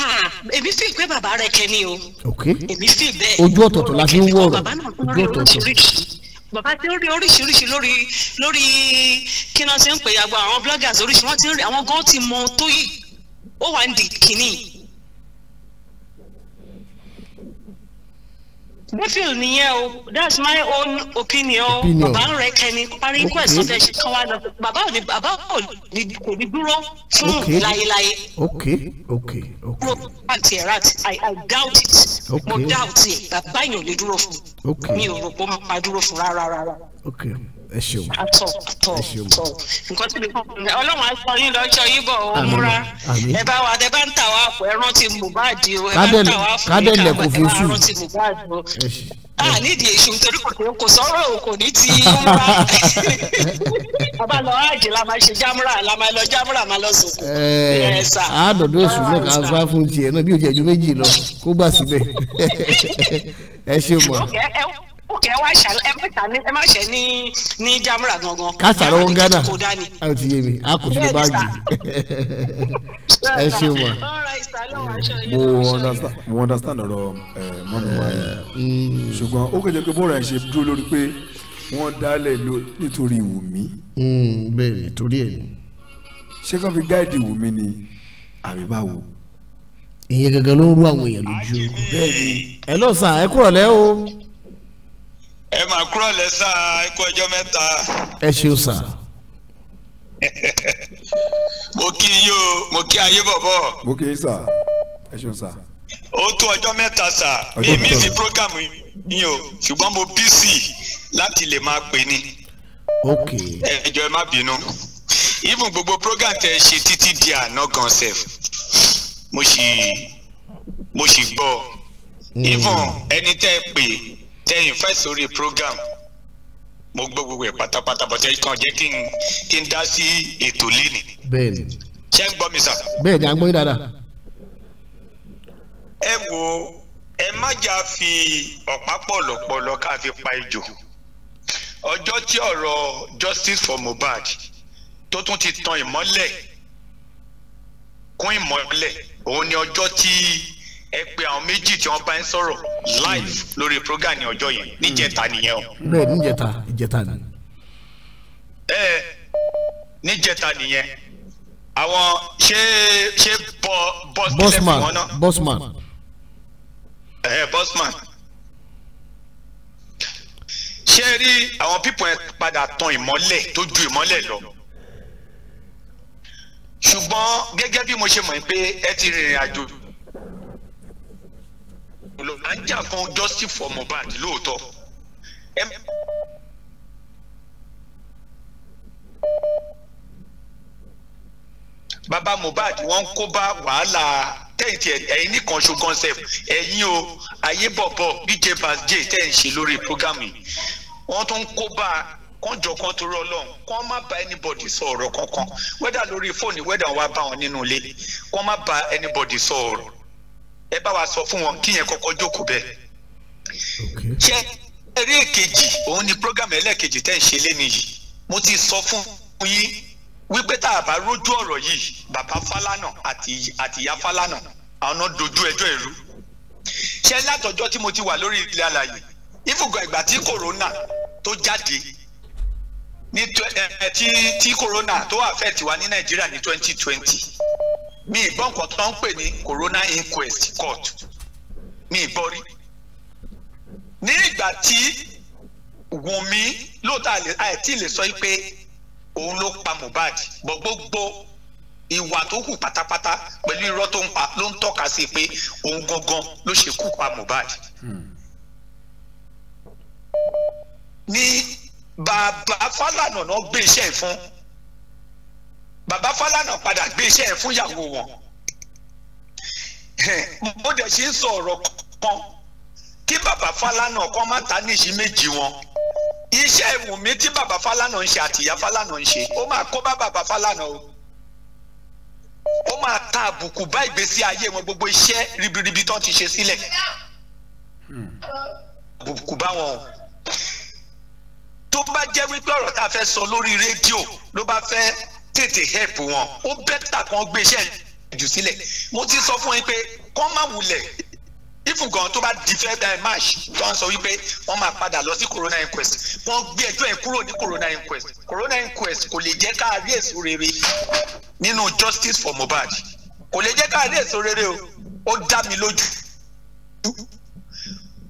Speaker 7: Ah, èmi fi pé bàbá rẹkẹ ni o.
Speaker 9: èmi fi bẹ́ẹ̀ ojú ọ̀tọ̀ọ̀tọ̀ la fi ń wọ̀rọ̀ ojú ọ̀tọ̀ọ̀tọ̀ bàbá tí ó rí oríṣiríṣi lórí lórí kí náà ṣe ń pè àgbà àwọn bloggers oríṣiríṣi wọn ti ń rí àwọn gan ti mọ tó
Speaker 7: yìí ó wà ń di kìíní bífìl nìyẹn o that's my own opinion o bàbá ń rẹ kẹni parí request ọ̀fẹ́ ṣe kán wá lọ bàbá ò ní bàbá ò ní kò ní dúró fún láyéláyé.
Speaker 1: ok ok ok.
Speaker 7: pro àti ẹ̀rọ àti i doubt it
Speaker 1: mo
Speaker 9: doubt it bàbá yẹn ò ní dúró fún mi ò rò pé ó máa dúró fún rárá rárá. okay.
Speaker 1: okay. okay ẹ ṣeun
Speaker 9: atọ atọ atọ nǹkan tí mo Ọlọ́run á sọ yín lọ́jọ́ yín bọ̀ ó múra ẹ bá wa ẹ bá ń tà wá àpò ẹran ti Mohbad o
Speaker 8: ẹ bá ń tà wá fún mi ká ẹ bá ẹran
Speaker 7: ti Mohbad o a nídìí èṣù nítorí kò sọ̀rọ̀ kò ní ti múra
Speaker 9: bàbá lọ áàjì la máa ṣe jámúra la máa lọ jámúra máa lọ sòkò. ẹ á dọ̀dọ̀ èṣù náà ká
Speaker 1: bá fún tiẹ̀ náà bí o jẹ́ ju méjì lọ kó gbà síbẹ̀ ẹ ṣe mọ̀
Speaker 9: òkè ẹ wá ṣà ẹ má ṣà ní ẹ má ṣẹ ní ní jamura
Speaker 1: gangan. ká ṣàrọ̀ wọn gánà a ti yé mi a kò sí ní báàgì ẹ ṣe wà.
Speaker 2: mo understand mo understand ọ̀rọ̀ mọ́mi wa
Speaker 1: yìí eh, mm. ṣùgbọ́n
Speaker 2: ó kẹjọ pé bóra ẹ̀ ṣe dúró lórí pé wọ́n dálẹ̀ nítorí Wùmí.
Speaker 1: Mm, bẹ́ẹ̀ ni torí ẹ̀ ni. ṣé kàn fi gáàdì Wùmí ni àbí báwo ìyẹn gangan ló ń rú àwọn èèyàn lójú. bẹ́ẹ̀ ni ẹ lọ sàn ẹ kúrọ̀lẹ́ o
Speaker 10: ẹ máa kúrò lẹ́sà ikú ọjọ́ mẹ́ta. ẹ ṣeun sà. mo kí yín o mo kí ayé bọ̀bọ̀.
Speaker 2: mo kí yín sà ẹ ṣeun sà.
Speaker 10: ó tó ọjọ́ mẹ́ta sà
Speaker 2: èmi
Speaker 1: sí
Speaker 10: program yín o ṣùgbọ́n mo bísí láti lè máa pè ní.
Speaker 1: ok. ẹ
Speaker 10: jọ̀ọ́ ẹ má bínú even gbogbo program tẹ ṣe títí di àná gan sef mo sì mo sì gbọ́ hmm. even ẹni tẹ pè tẹ invite sórí program mo gbọ́ gbogbo ẹ̀ pátápátá bọ́tẹ́ kan jẹ́ kí n kí n dá sí ètò lẹ́nì. bẹ́ẹ̀ni. ṣé ń gbọ́ mi sà.
Speaker 1: bẹ́ẹ̀ni à ń gbọ́ yín dáadáa.
Speaker 10: ẹ wo ẹ má jà fi ọ̀pá pọ̀lọ̀pọ̀lọ̀ ká fi pa ejò ọjọ́ tí ọ̀rọ̀ justice for Mohbad tó tún ti tan ìmọ́lẹ̀ kún ìmọ́lẹ̀ òun ni ọjọ́ tí. Ti ẹ pé àwọn méjì tí wọ́n bá ń sọ̀rọ̀ live lórí program ní ọjọ́ yẹn níjẹta nìyẹn o.
Speaker 1: bẹ́ẹ̀ níjẹta ìjẹta ni.
Speaker 10: ẹ níjẹta nìyẹn àwọn ṣé ṣé bọ bọ́sì lẹ́fù wọn náà. bọ́sman. ẹ bọ́sman ṣé rí àwọn pípọ̀ yẹn padà tan ìmọ́lẹ̀ tó ju ìmọ́lẹ̀ lọ. ṣùgbọ́n gẹ́gẹ́ bí mo ṣe mọ̀ pé ẹ ti rìnrìn àjò lọ à ń jà fún justice for Mohbad lóòótọ́ ẹ baba Mohbad wọ́n kó bá wàhálà tẹ̀yìntì ẹ̀yin nìkan ṣo concept ẹ̀yin o ayébọ̀bọ̀ bj pass j tẹ̀ ń ṣe lórí program yìí wọ́n tún kó bá kọ́njọ kan tó rọ lọ́hùn kọ́n má bá anybody sọ ọ̀rọ̀ kankan wẹ́dà lórí fóònù wẹ́dà wá bá wọn nínú ilé kọ́n má bá anybody sọ ọ̀rọ̀ ẹ bá wa sọ fún wọn kí yẹn kọ́kọ́ jókòó bẹ́ẹ̀. ṣé eré èkejì òun ni program ẹlẹ́ẹ̀kejì tẹ́ ń ṣe lé nìyí mo ti sọ fún yín wípé tá a bá rójú ọ̀rọ̀ yìí bàbá Fálànà àti ìyá Fálànà àwọn náà dojú ẹjọ́ ìlú ṣé látọjọ́ tí mo ti wà lórí ilé alàyè ìfùgọ̀ ìgbà tí kòrónà tó jáde ní eh, tí tí tó affect wa ní Nàìjíríà ní twenty twenty mi ìbọn nǹkan tó ń pè ní corona inquest court mi ìbọn rí ní ìgbà tí Wùnmí lóòótọ́ àìtí lè sọ pé òun ló pa Mohbad bọ́ gbogbo ìwà tó kù pátápátá pẹ̀lú irọ́ tó ń pa ló ń tọ́ka sí pé òun gangan ló ṣe kú pa Mohbad. Hmm. ní bàbá Fálànà náà gbé iṣẹ́ fún Baba Fálànà padà gbé iṣẹ́ ẹ̀ fún ìyàwó wọn mo dẹ̀ ṣe ń sọ ọ̀rọ̀ kan kí bàbá Fálànà kan má ta níṣì méjì wọn iṣẹ́ ìwùnmí tí bàbá Fálànà ń ṣe àtìyá Fálànà ń ṣe ó máa kó bá bàbá Fálànà o ó máa ta àbùkù bá ìgbésí ayé wọn gbogbo iṣẹ́ ribiribi tán ti ṣe sílẹ̀ àbùkù bá wọn o tó bá jẹ́ wípé ọ̀rọ̀ tá a fẹ́ sọ lórí rédíò ló bá fẹ́ tètè help wọn ó bẹ́tà kan gbé iṣẹ́ jù sílẹ̀ mo ti sọ fún yín pé kọ́ má wulẹ̀ ìfùgàn tó bá di fẹ́ march tó ń sọ wípé wọ́n máa padà lọ sí corona inquest wọ́n gbé ẹjọ́ ẹ̀ kúrò ní corona inquest corona inquest kò lè jẹ́ ká rí èso rere nínú justice for Mohbad kò lè jẹ́ ká rí èso rere o ó dá mi lójú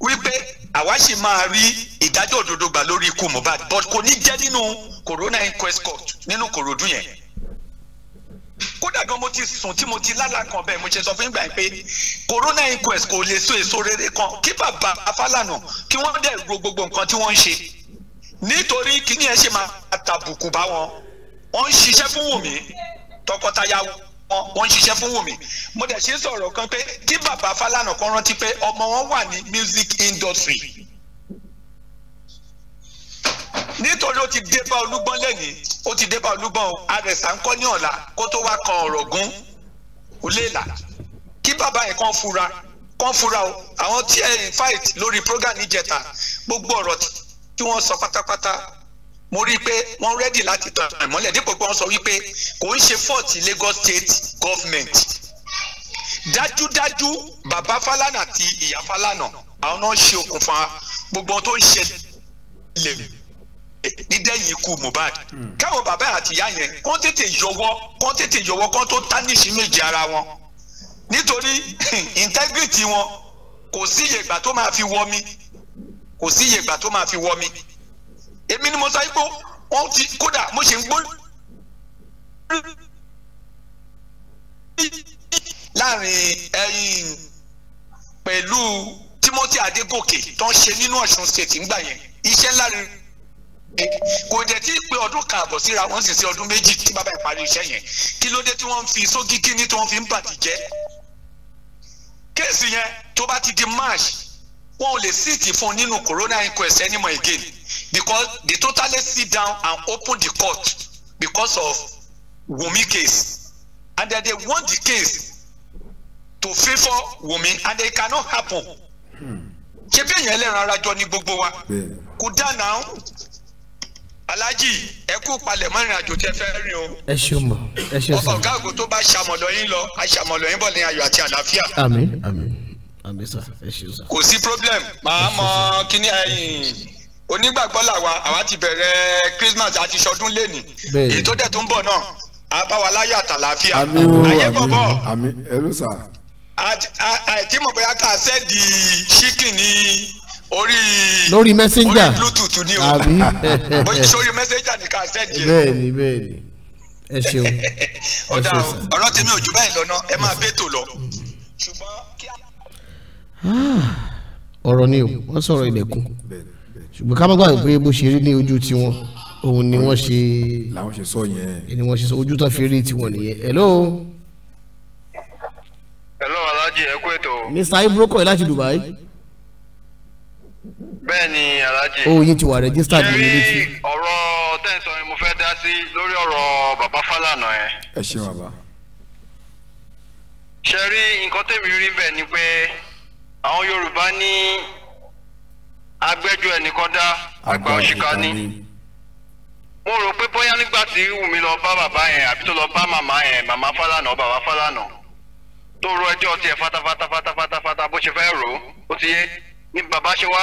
Speaker 10: wípé àwa sì máa rí ìdájọ́ òdodo gbà lórí ikú Mohbad but kò ní jẹ́ nínú corona inquest court nínú kòròdú yẹn kódà gan mo ti sùn tí mo ti lálàá kan bẹ́ẹ̀ mo ṣe sọ fún gbà pé corona inquest kò lè so èso rere kan kí bàbá Fálànà kí wọ́n dẹ̀ ro gbogbo nǹkan tí wọ́n ń ṣe nítorí kíní ẹ ṣe máa tàbùkù bá wọn wọ́n ń ṣiṣẹ́ fún Wùmí tọkọtaya wọn wọ́n ń ṣiṣẹ́ fún Wùmí mo dẹ̀ ṣe sọ̀rọ̀ kan pé kí bàbá Fálànà kan rántí pé ọmọ wọn wà ní music industry nítorí ó ti dé bá Olúgbọ́n lẹ́nìí ó ti dé bá Olúgbọ́n o àrẹ̀sà ń kọ́ ní ọ̀la kó tó wá kan ọ̀rọ̀ gún ó lè là kí bàbá yẹn kàn fura kàn fura o àwọn tí ẹ invite lórí program níjẹta gbogbo ọ̀rọ̀ tí wọ́n sọ pátápátá mo rí i pé wọ́n rẹ́dì láti tan ìmọ́lẹ̀ dípò pé wọ́n sọ wípé kò ń ṣe fault Lagos State government dájúdájú bàbá Fálànà àti ìyá Fálànà àwọn náà ṣe okùnfà gbogbo ohun tó ń ṣẹlẹ̀ nídẹ̀yìn ikú Mohbad káwọn bàbá àtìyá yẹn kọ́n tètè yọwọ́ kọ́n tètè yọwọ́ kọ́n tó tánìṣì méje ara wọn nítorí integrity wọn kò sí iye ìgbà tó máa fi wọ mi kò sí iye ìgbà tó máa fi wọ mi èmi ni mo sọ pé wọn ti kódà mo ṣe ń gbó láàrin ẹyin pẹ̀lú Timothy Adégòkè tó ń ṣe nínú Ọ̀ṣun state ńgbà yẹn iṣẹ́ láàrin kò jẹ́ tí pé ọdún kààbọ̀ síra wọ́n sì ṣe ọdún méjì tí bàbá ẹ̀ parí iṣẹ́ yẹn kí ló dé tí wọ́n ń fi sógi kíní tí wọ́n fi ń bàtì jẹ́ kéèsì yẹn tó bá ti di march wọn ò lè síìtì fún un nínú corona inquest anymore again because they totally sit down and open the court because of Wunmi case and then they want the case to favour Wunmi and it cannot happen hmm. ṣé bí èèyàn ẹlẹ́ran ara ní gbogbo wa kò dáná alájì ẹ kú palẹ̀ mọ́ ìrìnàjò tẹ fẹ́ rìn o.
Speaker 1: ẹ ṣeun mọ ẹ o sọ. ọkọ̀ ọ̀gá
Speaker 10: àgò tó bá ṣàmọ̀lọ́ yín lọ aṣàmọ̀lọ́ yín bọ̀ ní ayọ̀ àti àlàáfíà.
Speaker 1: àmín àmín àmín sà ẹ ṣeun sà.
Speaker 10: kò sí problem màá mọ kíní ẹ̀yin onígbàgbọ́ làwa àwa ti bẹ̀rẹ̀ Christmas àti ṣọdún lẹ́nì èyí tó dẹ̀ tó ń bọ̀ náà àbáwa láyé àtàlàáfíà ayé bọ̀ bọ̀
Speaker 2: àmín ẹ ló sà. àti mo bóyá ká sẹ́ẹ̀dì ṣíkì ní orí lórí messenger orí bluetooth ni o bóyá sórí
Speaker 1: messenger ni ká sẹ́ẹ̀dì ẹ̀. E. bẹ́ẹ̀ni bẹ́ẹ̀ni ẹ ṣeun. ọ̀dà ọ̀rọ̀ tèmi ò jù báyìí
Speaker 10: lọ́nà ẹ máa bẹ́ẹ̀tò lọ.
Speaker 1: Ah, ọ̀rọ̀ ni o wọ́n sọ̀rọ̀ ilẹ̀kùn ṣùgbọ́n ká má gbàgbé pé bó ṣe rí ní ojú tiwọn òun ni wọ́n ṣe. làwọn ṣe sọ yẹn. ni wọ́n ṣe sọ ojú tó fi rí tiwọn nìyẹn. hello. hello alhaji ẹ kú ètò. mr ibro láti Dubai bẹ́ẹ̀ ni alhaji. owó yín ti wà registered ní ilé tí.
Speaker 11: ọ̀rọ̀ tẹ̀sán ni mo fẹ́ dá sí lórí ọ̀rọ̀ bàbá Fálànà yẹn. ẹ ṣe bàbá. ṣe rí nǹkan tèmi rí bẹ́ẹ̀ ni pé àwọn Yorùbá ní agbẹ́jọ́ ẹnìkan àgbà òṣìkà ni. mo rò pé bóyá nígbà tí Wùmí lọ bá bàbá yẹn àbí tó lọ bá màmá yẹn màmá Fálànà bàbá Fálànà tó rọ ẹjọ́ tiẹ̀ fátáfátáfátáfátá bó ṣe fẹ́ rò ó ti yé ni bàbá ṣe wá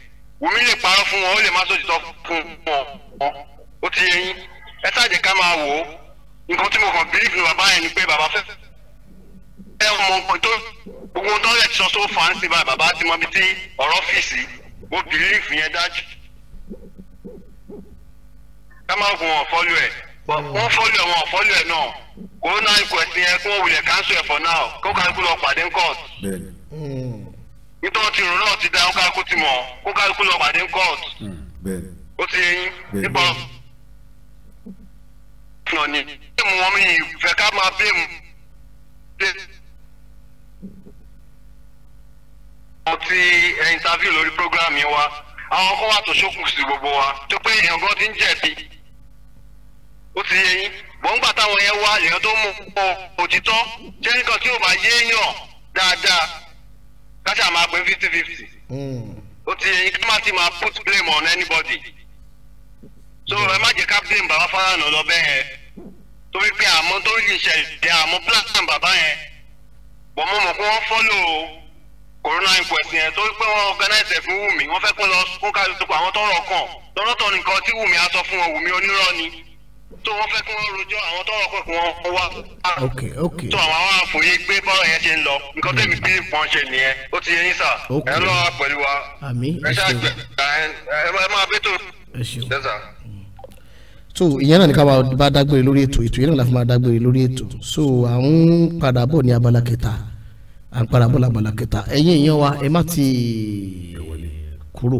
Speaker 11: Wùmí lè parọ́ fún wọn ó lè má sọ òtítọ́ fún wọn ó ti yẹ yín ẹ ṣáàjẹ́ ká máa wò ó nǹkan tí mo kàn bílíìfù ní bàbá yẹn ni pé bàbá fẹ́ ẹ mọ nǹkan tó gbogbo tó lẹ̀ sọ sóò fà ń sí báyìí bàbá ti mọ ibi tí ọ̀rọ̀ fì sí mo bílíìfù yẹn dájú ká máa gùn wọn fọ́lú ẹ̀ wọ́n fọ́lú ẹ̀ wọn fọ́lú ẹ̀ náà corona inquest yẹn kó wulẹ̀ cancel ẹ̀ for now kó kálukú lọ pàdé court nítorí ti rò náà ti da ó kálukú ti mọ̀ ó kálukú lọ pàdé court hmm, ó ti yẹn nípa ọ̀nà ni bíìmù wọn mi ìfẹ́ ká máa bíìmù mo ti interview lórí program yẹn wa àwọn kan wà tó ṣókùn sí gbogbo wa tó pé èèyàn gan ti ń jẹ̀bi ó ti yẹ yín gbọ̀ngbà táwọn yẹn wá èèyàn tó mú òtítọ́ jẹ́ nǹkan tí ò bá yéèyàn dáadáa káṣá máa pín fifty fifty hmm. ó ti yẹn ká má ti máa put blame on anybody so ẹ má jẹ́ ká blame bàbá Fálànà lọ bẹ́ẹ̀ yẹn torí pé àmọ́ tó lè ṣẹlẹ̀ àmọ́ plan bàbá yẹn bọ̀ mo mọ̀ pé wọ́n follow corona inquest yẹn torí pé wọ́n organize ẹ̀ fún Wùmí wọ́n fẹ́ pín lọ fún kálukú àwọn tọ́rọ̀ kàn lọ́rọ̀ tọ́ nìkan tí Wùmí á sọ fún wọn Wùmí onírọ́ ni tó wọ́n fẹ́ kí wọ́n rojọ́ àwọn tó wọ́n kí wọ́n wá.
Speaker 1: ok ok. tó àwọn
Speaker 11: àwọn àfòyé gbé bọ́ọ̀rọ̀ yẹn ṣe ń lọ nǹkan tẹ̀mí bí wọ́n ṣe nìyẹn ó ti yẹ yín sà. ok ẹ lọ́wọ́ pẹ̀lú wa. àmín ẹ ṣe
Speaker 1: ẹ máa bẹ́ tó. ẹ ṣeun so ìyẹn náà ni ká bá dágbére lórí ètò ètò ìyẹn náà la fi máa dágbére lórí ètò so à ń padà bọ̀ ní abala kẹta à ń padà bọ̀ ní abala kẹta ẹ̀yin èèyàn wa ẹ má ti kúrò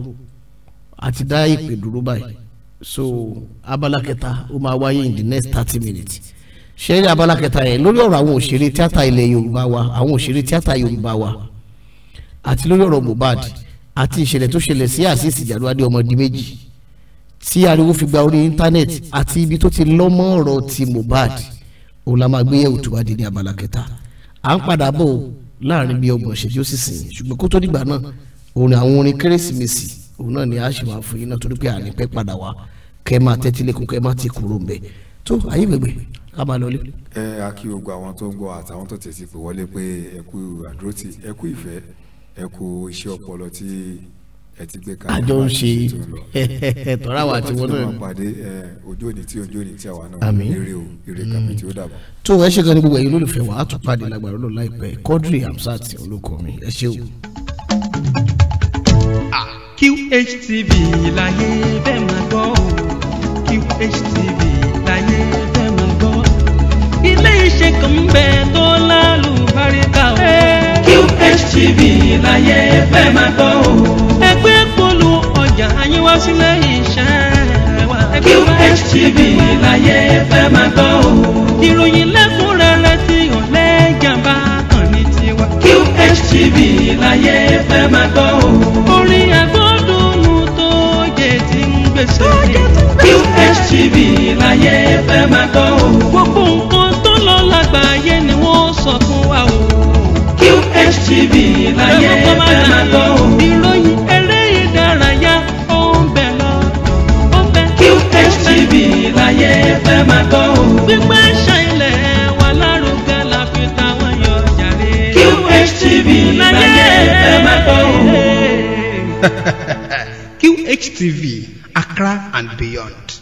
Speaker 1: àti dá ìpè dúró báyìí so abala kẹta ó máa wáyé in the next thirty minutes ṣẹ́rí abala kẹta yẹn lórí ọ̀rọ̀ àwọn òṣèré tíátà ilẹ̀ yorùbá wa àwọn òṣèré tíátà yorùbá wa àti lórí ọ̀rọ̀ mohbad àti ìṣẹ̀lẹ̀ tó ṣẹlẹ̀ sí Azeez Jalwade ọmọdé méjì tí ariwo fi gba orí íńtánẹ́ẹ̀tì àti ibi tó ti lọ́mọ́ ọ̀rọ̀ ti mohbad òun la máa gbé yẹ̀wò tó wá di ní abala kẹta à ń padà bọ̀ láàrin bí ọgbọ̀n ṣẹ́jú sísìn ṣùgbọ́n kó tó dìgbà náà òun ni àwọn orin kérésìmesì òun náà ni a ṣe máa fún yín náà torí pé àní pẹ́ padà wá kẹ́ máa tẹ́tí lẹ́kùn kẹ́ máa ti kúrò ń bẹ̀ tó ayé gbègbè ká máa lọlé.
Speaker 2: ẹ a kí o gbọ́ àwọn tó ń gbọ́ àtàwọn tó tẹ̀sí pé wọlé pé ẹ kú àdúrótì ẹ kú ìfẹ́ ẹ kú iṣẹ́ ọpọlọ tí ẹ ti gbé kalẹ̀. àjọ ń ṣe tọ́ra wa àti wọn náà. ọjọ́ òní tí ọjọ́ òní tí àwa náà eré o
Speaker 1: eré kàmí tí ó dàbọ̀. Mm. tó ẹ ṣe kan ní gbogbo ẹ̀yin lólùfẹ́ wa á tún pàdé lágbàdo láìpẹ́ Quadri Hamzat olùkọ́ ẹ ṣé o.
Speaker 10: QHTV
Speaker 3: láyé bẹ́ẹ̀ máa gbọ́ QHTV láyé bẹ́ẹ̀ máa gbọ́. ilé iṣẹ́ kan bẹ tó lálùbáríkà o. QHTV láyé bẹ́ẹ̀ máa gbọ́ o. ẹgbẹ́ polu ọjà àyẹ̀wò sílẹ̀ iṣẹ́ wa. QHTV láyé bẹ́ẹ̀ máa gbọ́ o. ìròyìn lẹ́kùnrẹ́rẹ́ tí ọ̀lẹ́ jàmbá kan ní tiwa. QHTV láyé bẹ́ẹ̀ máa gbọ́ o. orin àgbọ̀ fèsì ni QHTV láyé fẹ́ máa gbọ́ o. gbogbo nǹkan tó lọ lágbàáyé ni wọ́n sọ fún wa o. QHTV láyé fẹ́ máa gbọ́ o. ìròyìn eré ìdárayá ó ń bẹ̀ lọ ó bẹ̀. QHTV láyé fẹ́ máa gbọ́ o. gbígbẹ́ ṣẹlẹ̀ wà lárugẹ la fi táwọn yọ jàre.
Speaker 2: QHTV láyé fẹ́ máa gbọ́ o. HTV, Accra and beyond.